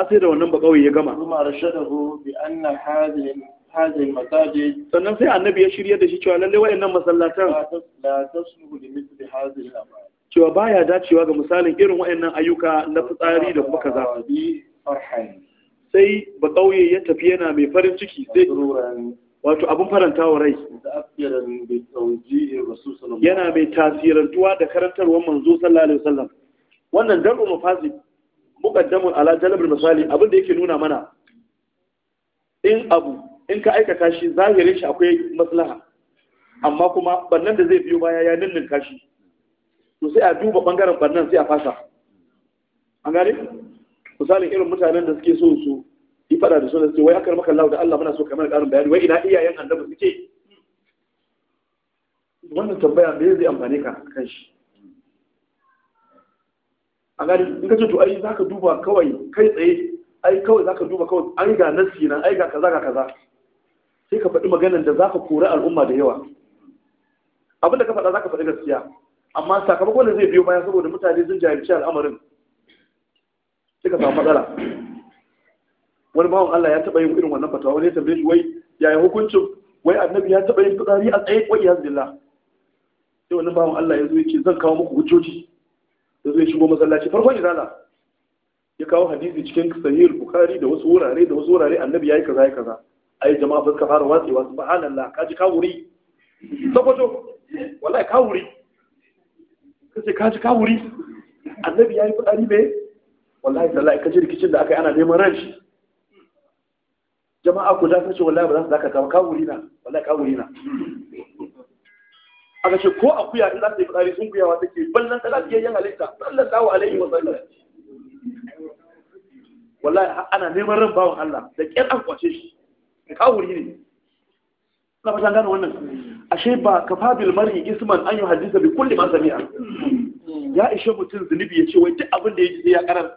sai da wannan ba kawai ya gama kuma rashadahu bi anna hadhihi hadhihi masajid sannan sai annabi ya shirya da shi cewa lalle wayannan masallatan la tasluhu li mithli hadhihi al-amal cewa baya dacewa ga misalin irin waɗannan ayyuka na fitsari da kuma kaza sai ba ƙauye ya tafi yana mai farin ciki sai wato abin faranta rai yana mai tasirantuwa da karantarwar manzo sallallahu alaihi wasallam wannan dar'u mafazi muqaddamun ala jalbul misali abin da yake nuna mana in abu in ka aikata shi zahirin shi akwai maslaha amma kuma bannan da zai biyo baya ya ninninka shi to sai a duba bangaren bannan sai a fasa an gane misalin irin mutanen da suke so su yi fada da su, wai aka maka Allah da Allah muna so kamar karin bayani wai ina iyayen annabi suke wannan tambaya me zai amfane ka kan shi a gani in ka ce to ai zaka duba kawai kai tsaye ai kawai zaka duba kawai an ga nasi nan ai ga kaza ga kaza sai ka faɗi maganar da zaka kori al'umma da yawa abinda ka faɗa zaka faɗi gaskiya amma sakamakon da zai biyo baya saboda mutane sun jahilci al'amarin suka samu matsala wani bawan Allah ya taɓa yin irin wannan fatawa wani ya tambaye shi wai yayin hukuncin wai annabi ya taɓa yin fitsari a tsaye wai yanzu billah sai wani bawan Allah ya zo yake zan kawo muku hujjoji da zai shigo masallaci farkon izala ya kawo hadisi cikin sahihul bukhari da wasu wurare da wasu wurare annabi yayi kaza yayi kaza ai jama'a su ka fara watsewa subhanallah kaji kawuri. wuri wallahi kawuri kace ka ji ka wuri annabi yayi fadari me wallahi ka ji rikicin da aka yi ana neman ran shi jama'a ku da ce wallahi ba za su dakata ba ka wuri na wallahi ka wuri na aka ce ko akuya in za ta yi fadari sun kuyawa take ballan talafiyayyen halitta sallallahu alaihi wa sallam wallahi ana neman ran bawan Allah da kyar an kwace shi ka wuri ne na fatan gano wannan ashe ba kafabil mar'i isman an yi hadisa bi kulli ma sami'a ya ishe mutum zunubi ya ce wai duk abin da ya ji sai ya karar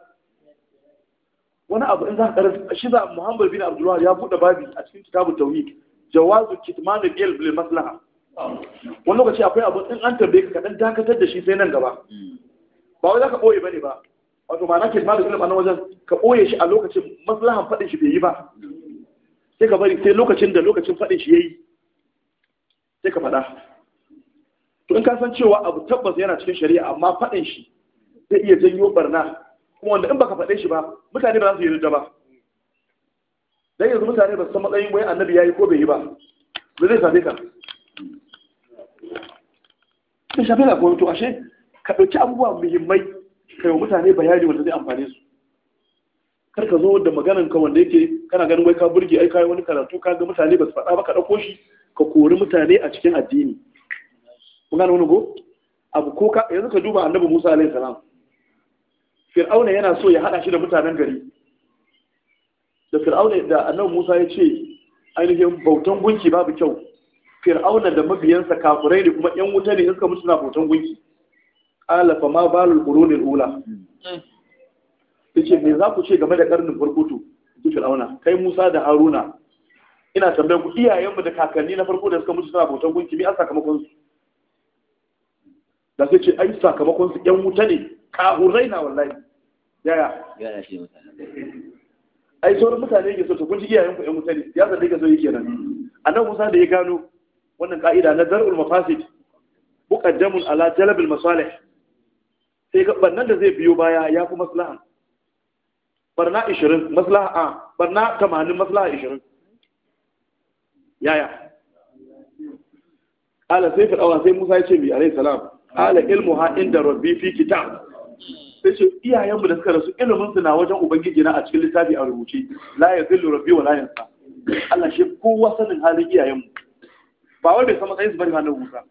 wani abu in za ka karar shi za Muhammad bin Abdullah ya bude babi a cikin kitabut tauhid jawazu kitman al bil maslaha wani lokaci akwai abu in an tambaye ka kadan dakatar da shi sai nan gaba ba wai za ka boye bane ba wato ma'ana ke al ilm a wajen ka boye shi a lokacin maslahan fadin shi bai yi ba sai ka bari sai lokacin da lokacin fadin shi yayi sai ka faɗa to in ka san cewa abu tabbas yana cikin shari'a amma faɗin shi zai iya janyo barna kuma wanda in baka faɗe shi ba mutane ba za su yi ba dan yanzu mutane ba su san matsayin wai annabi yayi ko bai yi ba ba zai same ka ka shafi na ko to ashe ka ɗauki abubuwa muhimmai kai wa mutane bayani wanda zai amfane su kar ka zo da maganan ka wanda yake kana ganin wai ka burge ai kai wani karatu ka ga mutane ba su faɗa ba ka ɗauko shi ka kori mutane a cikin addini kun gane wani go abu ko ka yanzu ka duba annabi Musa alaihi salam Fir'auna yana so ya hada shi da mutanen gari da Fir'auna da annabi Musa ya ce ainihin bautan gunki babu kyau Fir'auna da mabiyansa kafurai ne kuma yan wuta ne suka mutu na bautan gunki qala fa ma balul qurunil ula hmm. sai ce me za ku ce game da karnin farko to ji fir'auna kai musa da haruna ina tambayar ku iyayenmu da kakanni na farko da suka mutu suna bautan gunki me an sakamakon su da sai ce ai sakamakon su yan wuta ne kahurai na wallahi yaya ai sauran mutane yake so to kun iyayen ku yan wuta ne ya san da yake so yake nan annabi musa da ya gano wannan ka'ida na zar'ul mafasid muqaddamun ala jalb al masalih sai ga bannan da zai biyo baya ya fi maslaha barna 20 maslaha a barna 80 maslaha 20 yaya ala sai fir'auna sai Musa ya ce bi alayhi salam ala ha inda rabbi fi kitab sai ce iyayenmu da suka rasu ilimin su na wajen ubangiji na a cikin littafi a rubuce la zillu rabbi wa la yansa Allah shi kowa sanin halin iyayenmu ba wai bai san matsayin su bari na Musa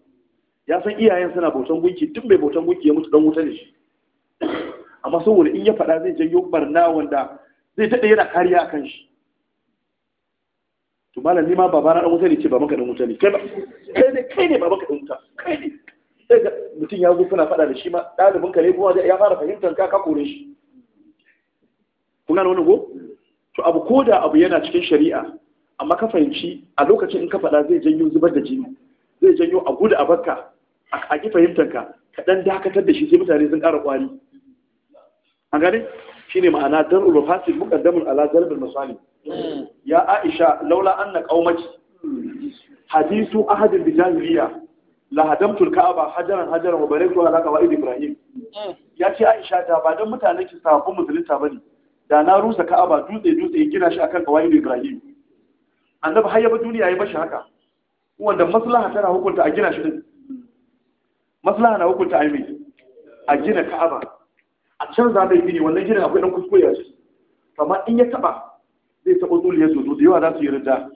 ya san iyayen suna bautan gunki duk mai bautan gunki ya mutu dan wuta ne shi amma saboda in ya faɗa zai janyo barna wanda zai daɗe yana kariya a kan shi to malam nima ba na ɗan wuta ne ce ba maka ɗan wuta ne kai ne kai ne ba maka ɗan wuta kai ne sai ga mutum ya zo suna faɗa da shi ma ɗalibin ka ne kuma ya fara fahimtar ka ka kore shi kun gane wani go to abu ko da abu yana cikin shari'a amma ka fahimci a lokacin in ka faɗa zai janyo zubar da jini zai janyo a gudu a bakka a ƙi fahimtar ka kaɗan dakatar da shi sai mutane sun ƙara ƙwari an gane ne ma'ana don fasil mukaddamin ala dalbil masali hmm. ya aisha laula anna qaumaki Hadisu Ahadin da jahiliya la hadamtu ka'aba hajaran hajaran wa baraktu ala qawaid ibrahim hmm. ya ce aisha ta ba don mutanen ki sabon musulunta ne, da na rusa ka'aba dutse dutse gina shi akan kawai ibrahim annabi har yaba duniya ya bashi haka wanda maslaha tana hukunta a gina shi din maslaha na hukunta a yi a gina ka'aba a canza mai gini wannan ginin akwai ɗan kuskure a ciki amma in ya taɓa zai taɓa ya zozo da yawa za su yi ridda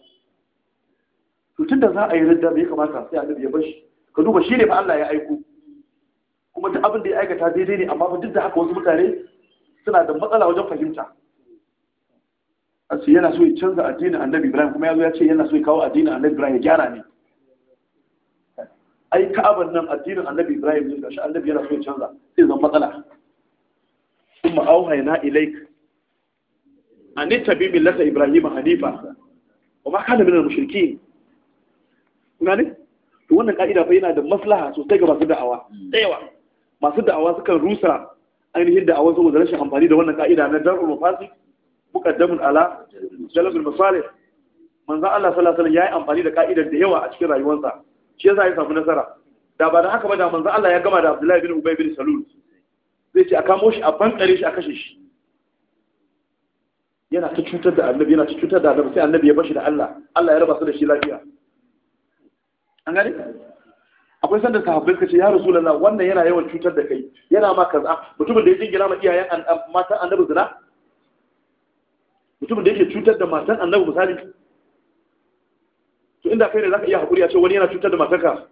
to tun da za a yi ridda bai kamata sai annabi ya bar shi ka duba shi ne fa Allah ya aiko kuma duk abin da ya aikata daidai ne amma fa duk da haka wasu mutane suna da matsala wajen fahimta a ce yana so ya canza addinin annabi ibrahim kuma ya zo ya ce yana so ya kawo addinin annabi ibrahim ya gyara ne ai ka'aban nan addinin annabi ibrahim ne gashi annabi yana so ya canza sai zan matsala kuma auhayna ilaik an tabi millata ibrahim hanifa wa ma kana minal mushrikin kuna ne to wannan ka'ida fa yana da maslaha sosai ga masu da'awa tsayawa masu da'awa sukan rusa ainihin da'awa saboda rashin amfani da wannan ka'ida na darul mafasi muqaddamun ala jalbul masalih manzo Allah sallallahu alaihi wasallam yi amfani da ka'idar da yawa a cikin rayuwarsa shi yasa ya samu nasara da ba da haka ba da manzo Allah ya gama da Abdullahi bin Ubay bin Salul zai ce a kamo shi a bankare shi a kashe shi yana ta cutar da annabi yana ta cutar da annabi sai annabi ya bashi da Allah Allah ya raba su da shi lafiya an gani akwai sanda sahabbai suka ce ya rasulullah wannan yana yawan cutar da kai yana ma kaza mutumin da ya jingina ma iyayen matan annabi zina mutumin da yake cutar da matan annabi misali to inda kai ne zaka iya hakuri a ce wani yana cutar da matanka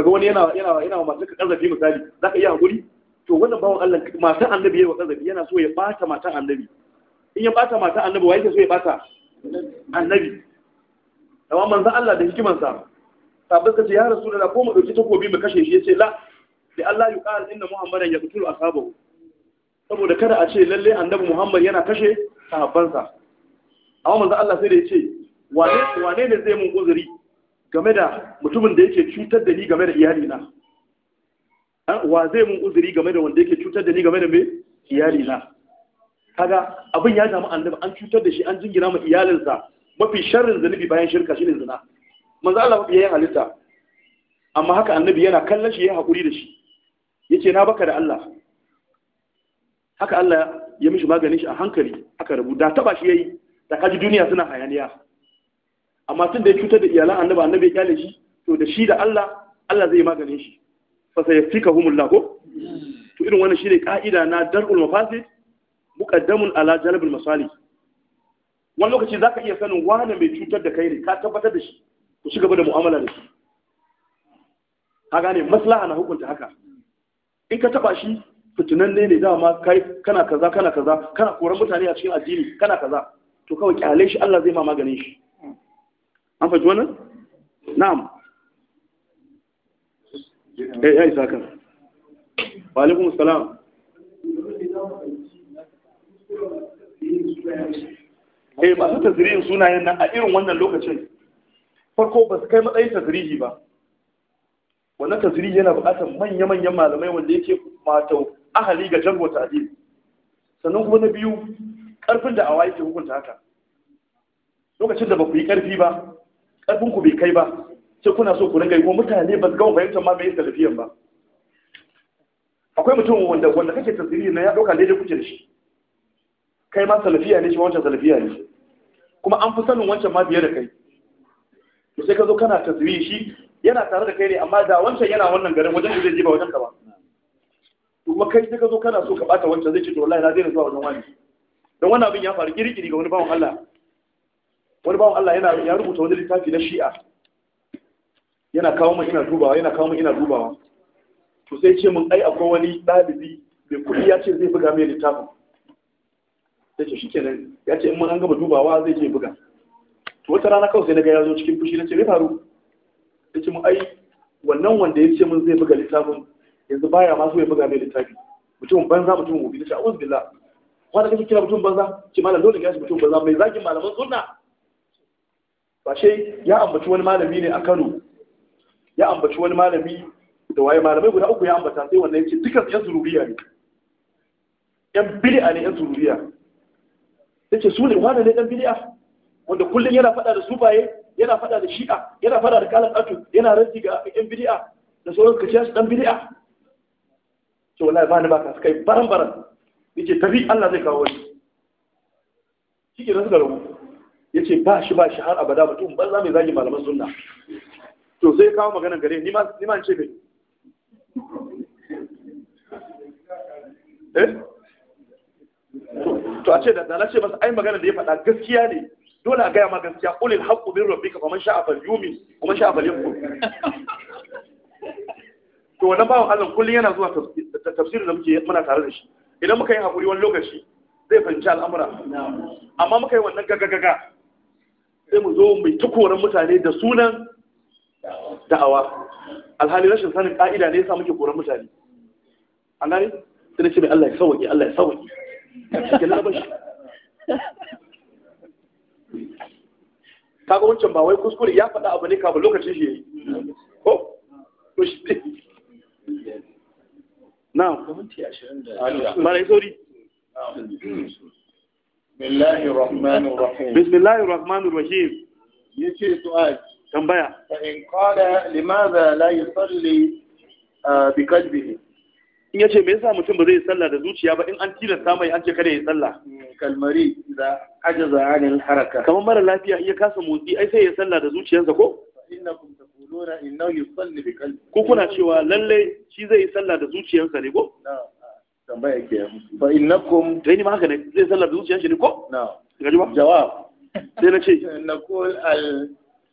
Daga wani yana yana yana wa matar kazafi misali zaka iya hakuri to wannan bawan Allah matar annabi yayi wa kazafi yana so ya bata matar annabi in ya bata matar annabi wa yake so ya bata annabi amma manzon Allah da hikimansa sabon ka ce ya rasu da ko mu ɗauki takobi mu kashe shi ya ce la da Allah ya ƙara inna Muhammadan ya kuturu a sabo saboda kada a ce lalle annabi Muhammad yana kashe sahabbansa amma manzo Allah sai da ya ce wane ne zai mun uzuri game da mutumin da yake cutar da ni game da iyalina ah, wa zai mun uzuri game da wanda yake cutar da ni game da me iyalina kaga abin ya samu annabi an cutar da shi an jingina ma iyalinsa mafi sharrin zanubi bayan shirka shine zina manzo Allah mafi yayin halitta amma haka annabi yana kallon shi ya hakuri da shi yace na baka da Allah haka Allah ya mishi maganin shi a hankali aka rubuta ba shi yayi da kaji duniya suna hayaniya amma tun da ya cutar da iyalan annabi annabi ya kyale shi to da shi da Allah Allah zai maganin shi fa sayfikahumullah ko to irin wannan shine ka'ida na dar'ul mafasid muqaddamun ala jalbul masali wani lokaci zaka iya sanin wani mai cutar da kai ne ka tabbatar da shi ku shiga gaba da mu'amala da shi ka gane maslaha na hukunta haka in ka taba shi fitinan ne ne dama kai kana kaza kana kaza kana koran mutane a cikin addini kana kaza to kawai kyale shi Allah zai ma maganin shi an faɗi wannan na'am eh ya isa kan wa alaikum salam eh masu tazirin sunayen nan a irin wannan lokacin farko ba su kai matsayin tazirihi ba wannan tazirihi yana buƙatar manya-manyan malamai wanda yake matau ahali ga jango ta'adil sannan kuma na biyu ƙarfin da awa yake hukunta haka lokacin da ba ku yi ƙarfi ba ƙarfin ku bai kai ba sai kuna so ku ringa yi ko mutane ba su gama fahimtar ma mai salafiyan ba akwai mutum wanda wanda kake tasiri na ya ɗauka daidai kuke da shi kai ma salafiya ne shi wancan salafiya ne kuma an fi sanin wancan ma biye da kai to sai ka zo kana tasiri shi yana tare da kai ne amma da wancan yana wannan garin wajen da zai je ba wajen ka ba kuma kai sai ka zo kana so ka bata wancan zai ce to wallahi na daina zuwa wajen wani dan wannan abin ya faru kiri ga wani bawan Allah wani bawan Allah yana ya rubuta wani littafi na shi'a yana kawo min ina dubawa yana kawo min ina dubawa to sai ce mun ai akwai wani ɗalibi mai kudi ya ce zai buga mai littafin sai ce shikenan ya ce in mun an gama dubawa zai je buga to wata rana kawai sai na ga ya zo cikin fushi na ce me faru ya ce mun ai wannan wanda ya ce mun zai buga littafin yanzu baya ma so ya buga mai littafi mutumin banza mutumin gobe ta ce a'udhu billah wanda kake kira mutum banza ce malam dole ka shi mutum banza mai zakin malaman sunna bashe ya ambaci wani malami ne a Kano ya ambaci wani malami da waye malamai guda uku ya ambata sai wannan yace dukkan yan zururiya ne yan bid'a ne yan zururiya yace su ne wanda ne dan bid'a wanda kullun yana fada da sufaye yana fada da shi'a yana fada da kalan atu yana raddi ga yan bid'a da sauran kaciya su dan bid'a to wallahi ba ni ba ka kai baran baran yace tafi Allah zai kawo wani shi ke rasu da rubu ya ce ba shi ba shi har abada ba tun banza mai zagi malaman sunna to sai kawo magana gare ni ma ce mai eh to a ce da na ce masa ai magana da ya faɗa gaskiya ne dole a gaya ma gaskiya ulil haqqu min rabbika man sha'a falyumin kuma sha'a falyakfur to wannan bawan Allah kullum yana zuwa tafsirin da muke muna tare da shi idan muka yi hakuri wani lokaci zai fahimci al'amura amma muka yi wannan gagagaga sai mu zo mai tukoran mutane da sunan da'awa alhali rashin sanin ka'ida ne yasa muke koran mutane an gane sai na ce mai Allah ya sauwaƙe Allah ya sauwaƙe ke labar Ta wancan ba wai kuskure ya faɗa abu ne ka ba lokacin shi yayi ko ko shi na minti ashirin da yi sauri Bismillahir Rahmanir Rahim. Bismillahir Rahmanir Rahim. Yace su'al. Tambaya. Fa in qala limadha la yusalli uh, bi qalbihi. In yace me yasa mutum ba zai sallah da zuciya ba in an tilasta mai an ce kada ya sallah. Mm, kalmari da ajaza anil haraka. Kamar mara lafiya iya kasa motsi ai sai ya sallah da zuciyarsa ko? Innakum taquluna innahu yusalli bi qalbihi. Ko kuna cewa lalle shi zai yi sallah da zuciyarsa ne ko? Na'am. tambaya ke fa innakum to ni ma haka ne zai sallar da zuciyar shi ne ko na gaji ba jawab sai na ce naqul al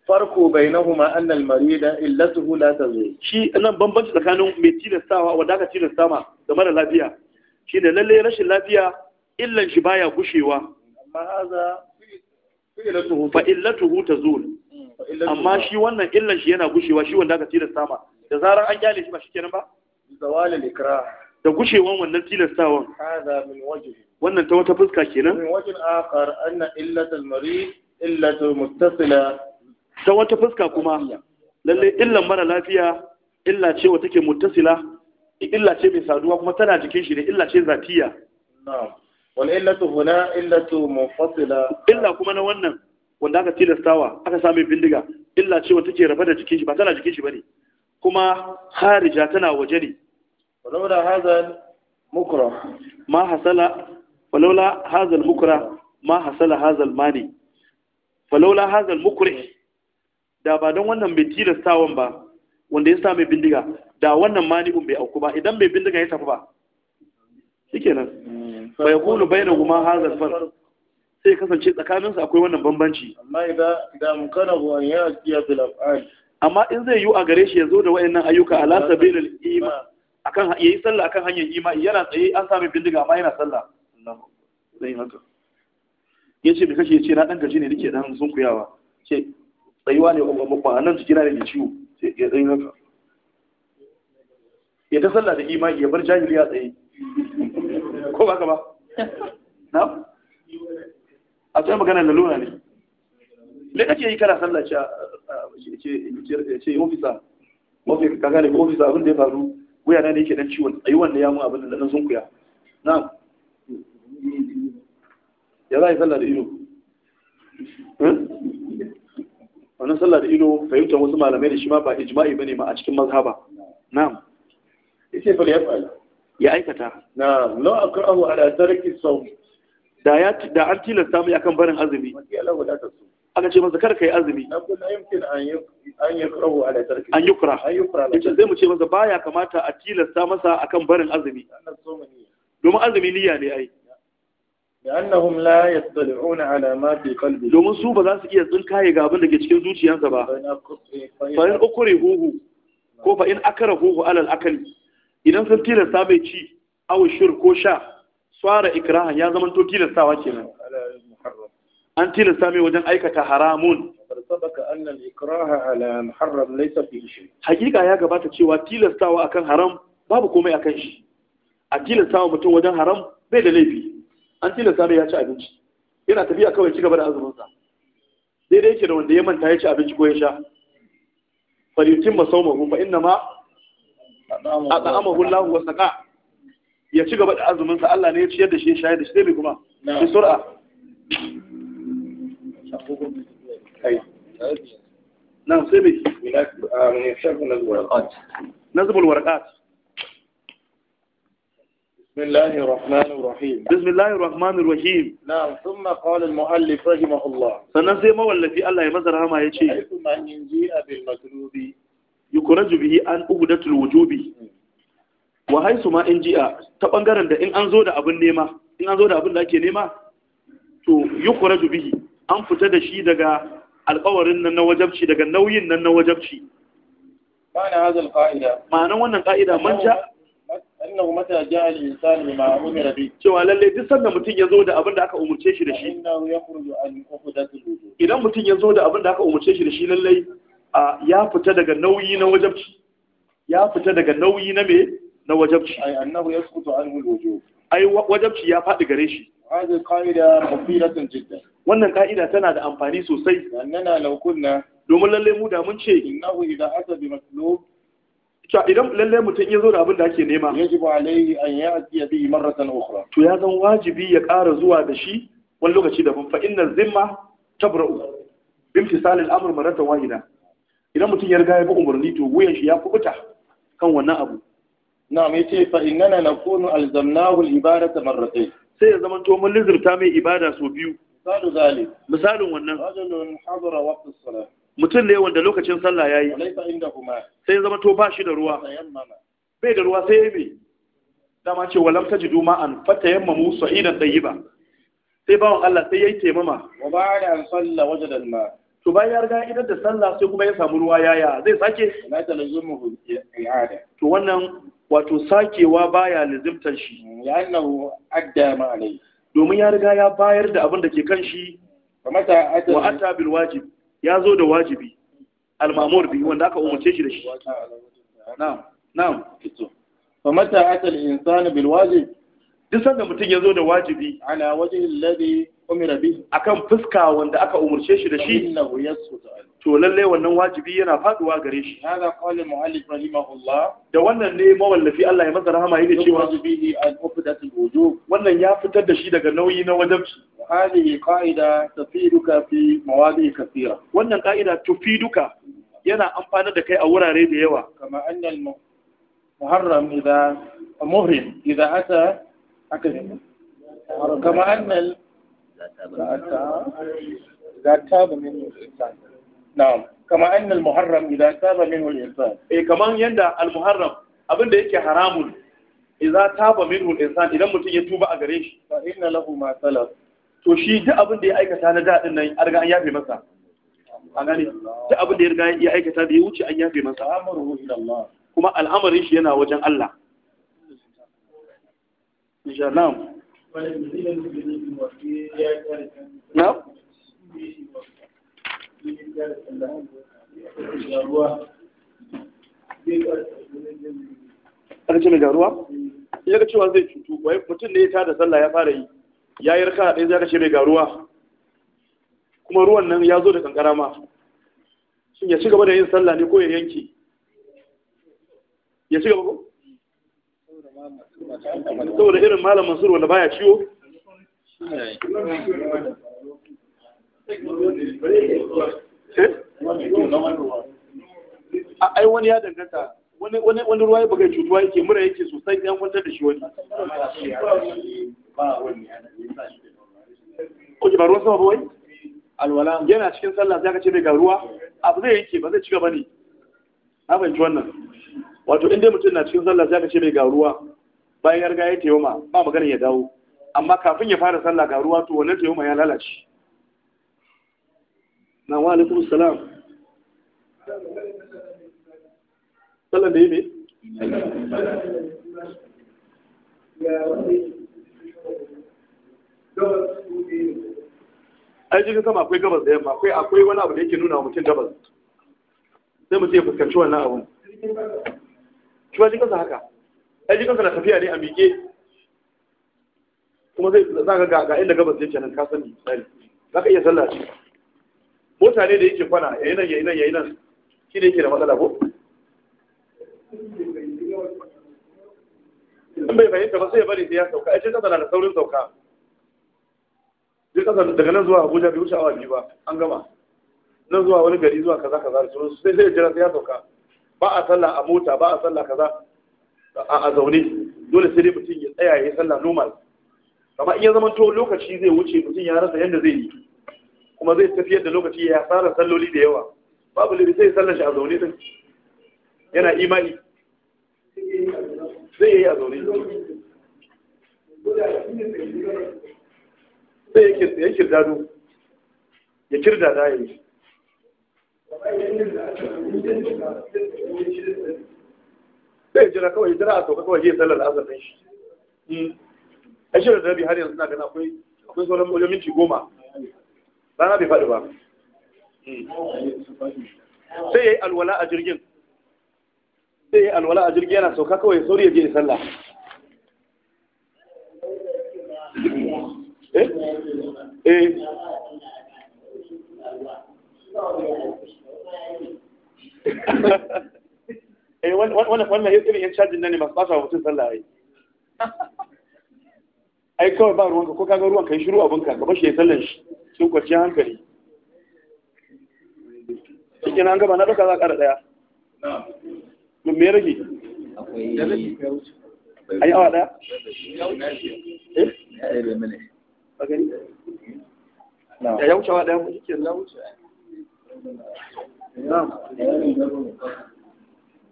farqu bainahuma anna al marida illatuhu la tazu shi nan bambanci tsakanin mai tilastawa wanda aka tilastama da mara lafiya shi ne lalle rashin lafiya illan shi baya gushewa amma haza fa illatuhu tazul amma shi wannan illan shi yana gushewa shi wanda aka tilastama da zarar an kyale shi ba shikenan ba zawalil ikrah da gushewan wannan tilastawan wannan ta wata fuska kenan ta wata fuska kuma lalle illan mara lafiya illa ce wa take muttasila illa ce mai saduwa kuma tana jikin shi ne illa ce zatiya illa kuma na wannan wanda aka tilastawa aka sami bindiga illa ce wa take rabe da jikin shi ba tana jikin shi bane kuma harija tana waje ne ولولا هذا المكره ما حصل ولولا هذا المكره ما حصل هذا الماني ولولا هذا المكره da ba don wannan mai tilastawan ba wanda ya sa mai bindiga da wannan mani'un bai auku ba idan bai bindiga ya tafi ba shikenan hmm. fa yakunu bainahuma hadha al-farq sai kasance tsakaninsu akwai wannan bambanci amma in zai yi a gare shi ya zo da wayannan ayyuka ala sabilil iman akan yayi sallah akan hanyar imani yana tsaye an sami bindiga amma yana sallah Allahu zai me kake na dan gaji ne nake da imani ya bar jahiliya ko ba ka ba na a tsaye magana da luna ne me kake yi kana sallah ce ce ce ofisa ofisa kaga ne ofisa abin da ya faru wuya na ne yake dan ciwon ayi wannan ya mu abin da dan sunkuya na'am ya za a yi sallah da ido hmm? wannan sallah da ido fahimtar wasu malamai da shi ma ba ijma'i bane ma a cikin mazhaba na'am yace fa ya fa'ala ya aikata na'am law akrahu ala tarki sawm da ya da an tilasta mai akan barin azumi ya Allah wadata su aka ce masa kada ka yi azumi an yukra ita zai mu ce masa baya kamata a tilasta masa akan barin azumi domin azumi niyya ne ai لأنهم لا يطلعون على ما في قلبه domin su ba za su iya tsinkaye ga abin da ke cikin zuciyarsa ba fa'in in huhu, ko fa'in akara huhu alal akali idan sun tilasta mai ci aw shir ko sha swara ikrahan ya zama to tilastawa kenan an tilasta mai wajen aikata haramun hakika ya gabata cewa tilastawa akan haram babu komai akan shi a tilastawa mutum wajen haram bai da laifi an tilasta mai ya ci abinci yana tafiya kawai ci gaba da azuminsa daidai yake da wanda ya manta ya ci abinci ko ya sha falitin masaumahu fa inna ma a tsa'amahu lahu wasu ya ci gaba da azuminsa Allah ne ya ciyar da shi ya shayar da shi zai bi kuma bi sur'a نعم سيبي من يشاف نزب الورقات نزب الورقات بسم الله الرحمن الرحيم بسم الله الرحمن الرحيم نعم ثم قال المؤلف رحمه الله sannan sai mawallafi Allah ya masa rahama ya ce kuma in ji abil matlubi yukuraju bihi an ubudatul wujubi wa haisu ma in ji'a ta bangaren da in an zo da nema in an zo da da ake nema to an fita da shi daga alƙawarin nan na wajabci daga nauyin nan na wajabci ma'ana hazal fa'ida ma'anan wannan qa'ida man ja annahu mata ja'al insani ma umira bi cewa lalle duk sanda mutum ya zo da abin da aka umurce shi da shi idan mutum ya zo da abin da aka umurce shi da shi lalle ya fita daga nauyi na wajabci ya fita daga nauyi na me na wajabci ai annahu yasqutu anhu alwujub ai wajabci ya faɗi gare shi hadhihi qa'ida mufidatun jiddan wannan ka'ida tana da amfani sosai annana law kunna domin lalle mu da mun ce innahu idza ata bi matlub ta idan lalle mutum ya zo da abin da ake nema yajibu alayhi an ya'ti bi marratan ukhra to ya zan wajibi ya ƙara zuwa da shi wani lokaci da fa inna zimma tabra'u bimtisal al-amr marratan wahida idan mutum ya riga ya bi umarni to wuyan shi ya kubuta kan wannan abu na'am yace fa innana nakunu alzamnahu al-ibadata marratayn sai ya zama to mun lizurta mai ibada so biyu misalin wannan mutum ne wanda lokacin sallah yayi sai zama to ba shi da ruwa bai da ruwa sai mai. dama ce walam ji duma an fata mu sa'idan ba sai bawan Allah sai yayi taimama wa da an salla wajada da ma to bayan ya riga idan da sallah sai kuma ya samu ruwa yaya zai sake la talazumu al-i'ada to wannan wato sakewa baya lazimtar shi ya annahu adda ma alai domin ya riga ya bayar da abin da ke kan shi wa ata bil wajib ya zo da wajibi al-ma'mur bi wanda aka umarce shi da shi na'am na'am fa mata ata al-insanu bil wajib duk sanda mutum ya zo da wajibi ala wajen alladhi umira bi akan fuska wanda aka umarce shi da shi to lalle wannan wajibi yana faduwa gare shi hada qala muallif rahimahullah da wannan ne mawallafi Allah ya masa rahama yake cewa wajibihi an ta wujub wannan ya fitar da shi daga nauyi na wajibci ne qa'ida tafiduka fi mawadi kathira wannan qa'ida tufiduka yana amfana da kai a wurare da yawa kama annal muharram idza muhrim idan ata haka ne kama annal za ta ba min na'am kama annal muharram idan ta ba min insan eh kaman yadda al muharram abin da yake haramun idan ta ba min insan idan mutum ya tuba a gare shi fa inna lahu ma salaf to shi duk abin da ya aikata na daɗin nan an riga an yafe masa a gane duk abin da ya riga aikata da ya wuce an yafe masa kuma al'amarin shi yana wajen Allah insha na ƙarshe mai garuwa? ya ga cewa zai cutu wai mutum ne ya tada sallah ya fara yi ya yi raka ɗaya zai kashe mai garuwa kuma ruwan nan ya zo da kankara ma shin ya ci gaba da yin sallah ne ko ya yanke ya ci gaba ko saboda irin malam mansur wanda baya ciwo eh? ai wani ya danganta wani ruwa ya bugai cutuwa yake mura yake sosai ya kwantar da shi wani oke ba ruwan sama ba wai alwala yana cikin sallah sai ka ce bai ga ruwa abu zai yake ba zai ci gaba ne na fahimci wannan wato inda mutum na cikin sallah sai ka ce bai ga ruwa bayan ya riga ya taimama ba magana ya dawo amma kafin ya fara sallah ga ruwa to wannan taimama ya lalace na wa alaikum salam sallan da yi ne ai jirgin sama akwai gabas da yamma akwai akwai wani abu da yake nuna mutum gabas sai mutum ya fuskanci wannan abu. shi ba jirgin haka ai kanka na tafiya ne a miƙe kuma zai za ga ga inda gabas yake nan ka sani misali za ka iya sallah ce mutane da yake kwana yi nan yi nan yi nan shi ne yake da matsala ko in bai fahimta ba sai ya bari sai ya sauka ai kasa na da saurin sauka sai kasa daga nan zuwa Abuja bai wuce awa biyu ba an gama nan zuwa wani gari zuwa kaza kaza da sai sai ya jira sai ya sauka ba a sallah a mota ba a sallah kaza a zaune dole sai dai mutum ya tsaya ya sallah normal amma in ya zama to lokaci zai wuce mutum ya rasa yadda zai yi kuma zai tafiyar da lokaci ya tsara salloli da yawa babu liri sai sallar shi a zaune din yana imani zai yi a zaune sai ya kirda do ya kirda da ya yi sai ya jira kawai jira a sauka kawai zai sallar azar ɗin shi hmm. a shirin da rabi har yanzu na gana akwai akwai sauran wajen minti goma rana bai faɗi ba hmm. sai ya yi alwala a jirgin sai ya yi alwala a jirgin yana sauka kawai sauri ya je ya sallah eh eh eh wannan wannan irin yan cajin nan ne masu basa mutum sallah ai ai kawai ba ruwanka ko kaga ruwanka yi shiru abinka gaba shi ya sallan shi sun kwanciyar hankali shi an gaba na ɗauka za a ƙara ɗaya mun me rage ai awa ɗaya ya wuce eh? awa ɗaya mu shi ke na wuce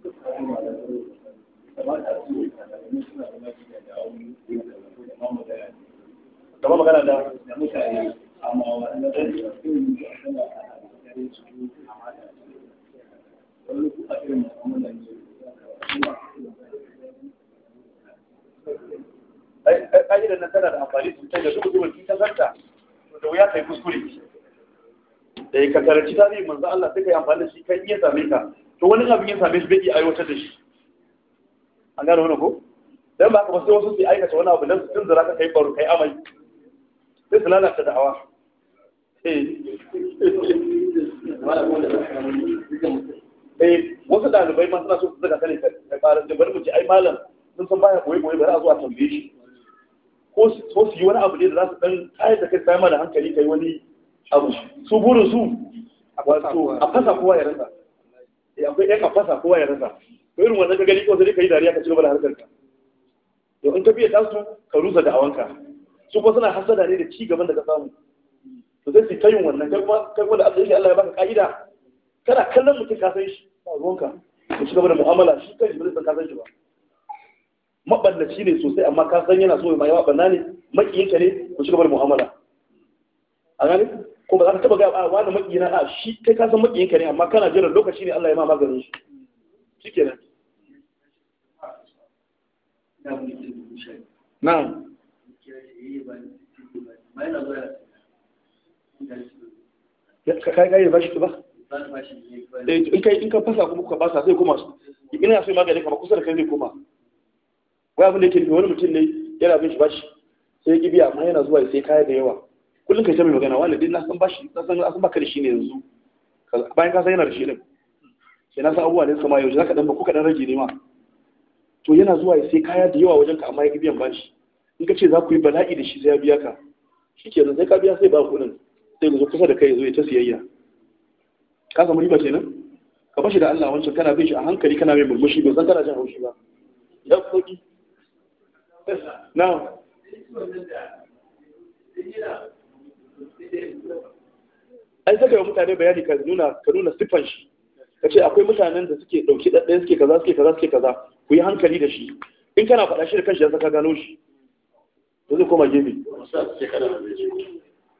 kamar magana da da ta da kai kuskure da ya kasarci tarihi manzo Allah suka yi amfani da shi kan iya same ka to wani abin yin same shi bai iya aiwatar da shi an gane wani ko don ba ba sai wasu su aikata wani abu don sun zira ka kai baro kai amai sai su lalata da hawa eh wasu dalibai ma suna so su zaka sani ka fara da bari mu ai malam sun san baya koyi koyi bari a zuwa tambaye shi ko su yi wani abu ne da za su dan kayar da kai sai ma da hankali kai wani abu su burin su a fasa kowa ya rasa Eh, akwai ɗan kafasa kowa ya rasa Ko irin wannan ka gani ko sai ka yi dariya ka ci gaba da harkar ka to in ka biya ta su ka rusa da awanka su kuma suna hasada ne da ci gaban da ka samu to sai su ta yin wannan kai kuma kai kuma da asali Allah ya baka ka'ida kana kallon mutum ka san shi ba ruwanka ka ci gaba da mu'amala shi kai shi ba zai san ka san shi ba maballaci ne sosai amma ka san yana so ya ma ya mabanna ne makiyinka ne ku ci gaba da mu'amala a gani ko ba za ka taba ga a ah, wani maki na a ah, shi kai ka san makiyin ka ne amma kana jiran lokaci ne Allah ya ma maganin shi shikenan na. ka kai kai ba shi ba eh, in kai in ka fasa kuma ka fasa sai kuma ina so magani kama kusa da kai zai koma wai abin da yake wani mutum ne yana bin shi bashi sai ya biya amma yana zuwa sai kaya da yawa kullum kai ta mai magana walidi na san bashi na san asan baka da shi ne yanzu bayan ka san yana da shi din sai na san abubuwa ne sama yau zaka dan ba ko kadan rage ne ma to yana zuwa ya sai kaya da yawa wajen ka amma ya ki biyan bashi in ka ce za ku yi bala'i da shi sai ya biya ka shi ke sai ka biya sai ba kuɗin sai ka zo kusa da kai zo ya ta siyayya ka samu riba kenan ka bashi da Allah wancan kana bin shi a hankali kana mai murmushi ba zan kana jin haushi ba ya sauki na ai zaka yi mutane bayani ka nuna ka nuna siffan shi ka ce akwai mutanen da suke dauki ɗaya suke kaza suke kaza suke kaza ku yi hankali da shi in kana faɗa shi da kanshi ya saka gano shi to zai koma gefe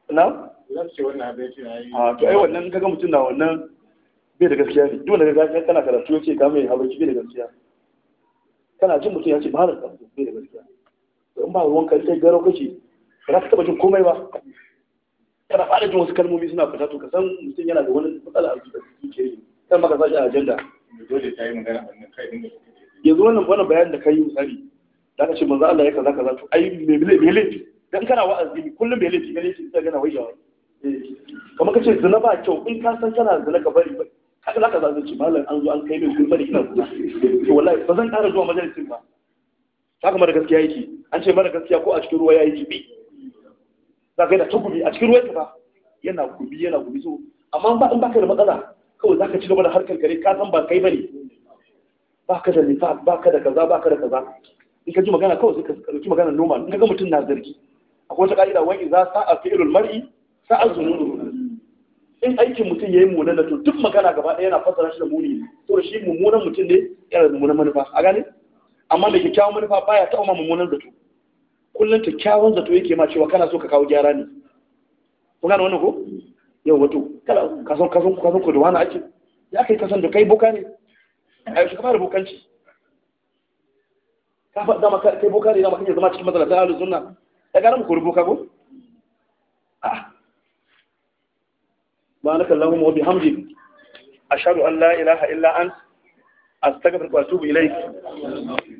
na a to ai wannan kaga mutum na wannan bai da gaskiya ne duk da gaskiya kana karatu yace ka mai habarci bai da gaskiya kana jin mutum ya ce ba da bai da gaskiya in ba ruwan kai sai garo kace ba za ka taba jin komai ba kana fara jin wasu kalmomi suna fita to ka san mutum yana da wani matsala a zuciyar ne kan maka sashi a ajanda dole ta yi magana wannan kai din yanzu wannan bayanin da kai misali da ka ce manzo Allah ya kaza kaza to ai me me laifi dan kana wa'azi kullum me laifi gane shi sai gana wajawa kamar ka ce zina ba kyau in ka san kana zina ka bari haka za ka zaɓi ce malam an zo an kai min kun bari ina zuwa to wallahi ba zan ƙara zuwa majalisin ba haka mara gaskiya yake an ce mara gaskiya ko a cikin ruwa ya yi jibi za da yana a cikin ruwanka ba yana gumi yana gumi so amma ba in baka da matsala kawai zaka ci gaba da harkar gare ka san ba kai bane ba ka da lifa ba ka da kaza ba ka da kaza in ka ji magana kawai sai ka ɗauki magana normal in ka ga mutum na zargi akwai wata ka'ida wani za sa'a fi'ilul mar'i sa'a zunubu in aikin mutum ya yi munana to duk magana gaba ɗaya yana fassara shi da muni to shi mummunan mutum ne yana da mummunan manufa a gane amma da kyakkyawan manufa baya ta umma mummunan zato kullum kyakkyawan zato yake ma cewa kana so ka kawo gyara ne kun gane wannan ko yau wato kala kasan kasan kasan ko da wani ake ya kai kasan da kai boka ne a yau shugaba da bokanci ka faɗa maka kai boka ne dama kake zama cikin matsala ta ahlus sunna ya gara muku boka ko ah. ba na kallahu wa bihamdi ashhadu an la ilaha illa ant astaghfiruka wa atubu ilayk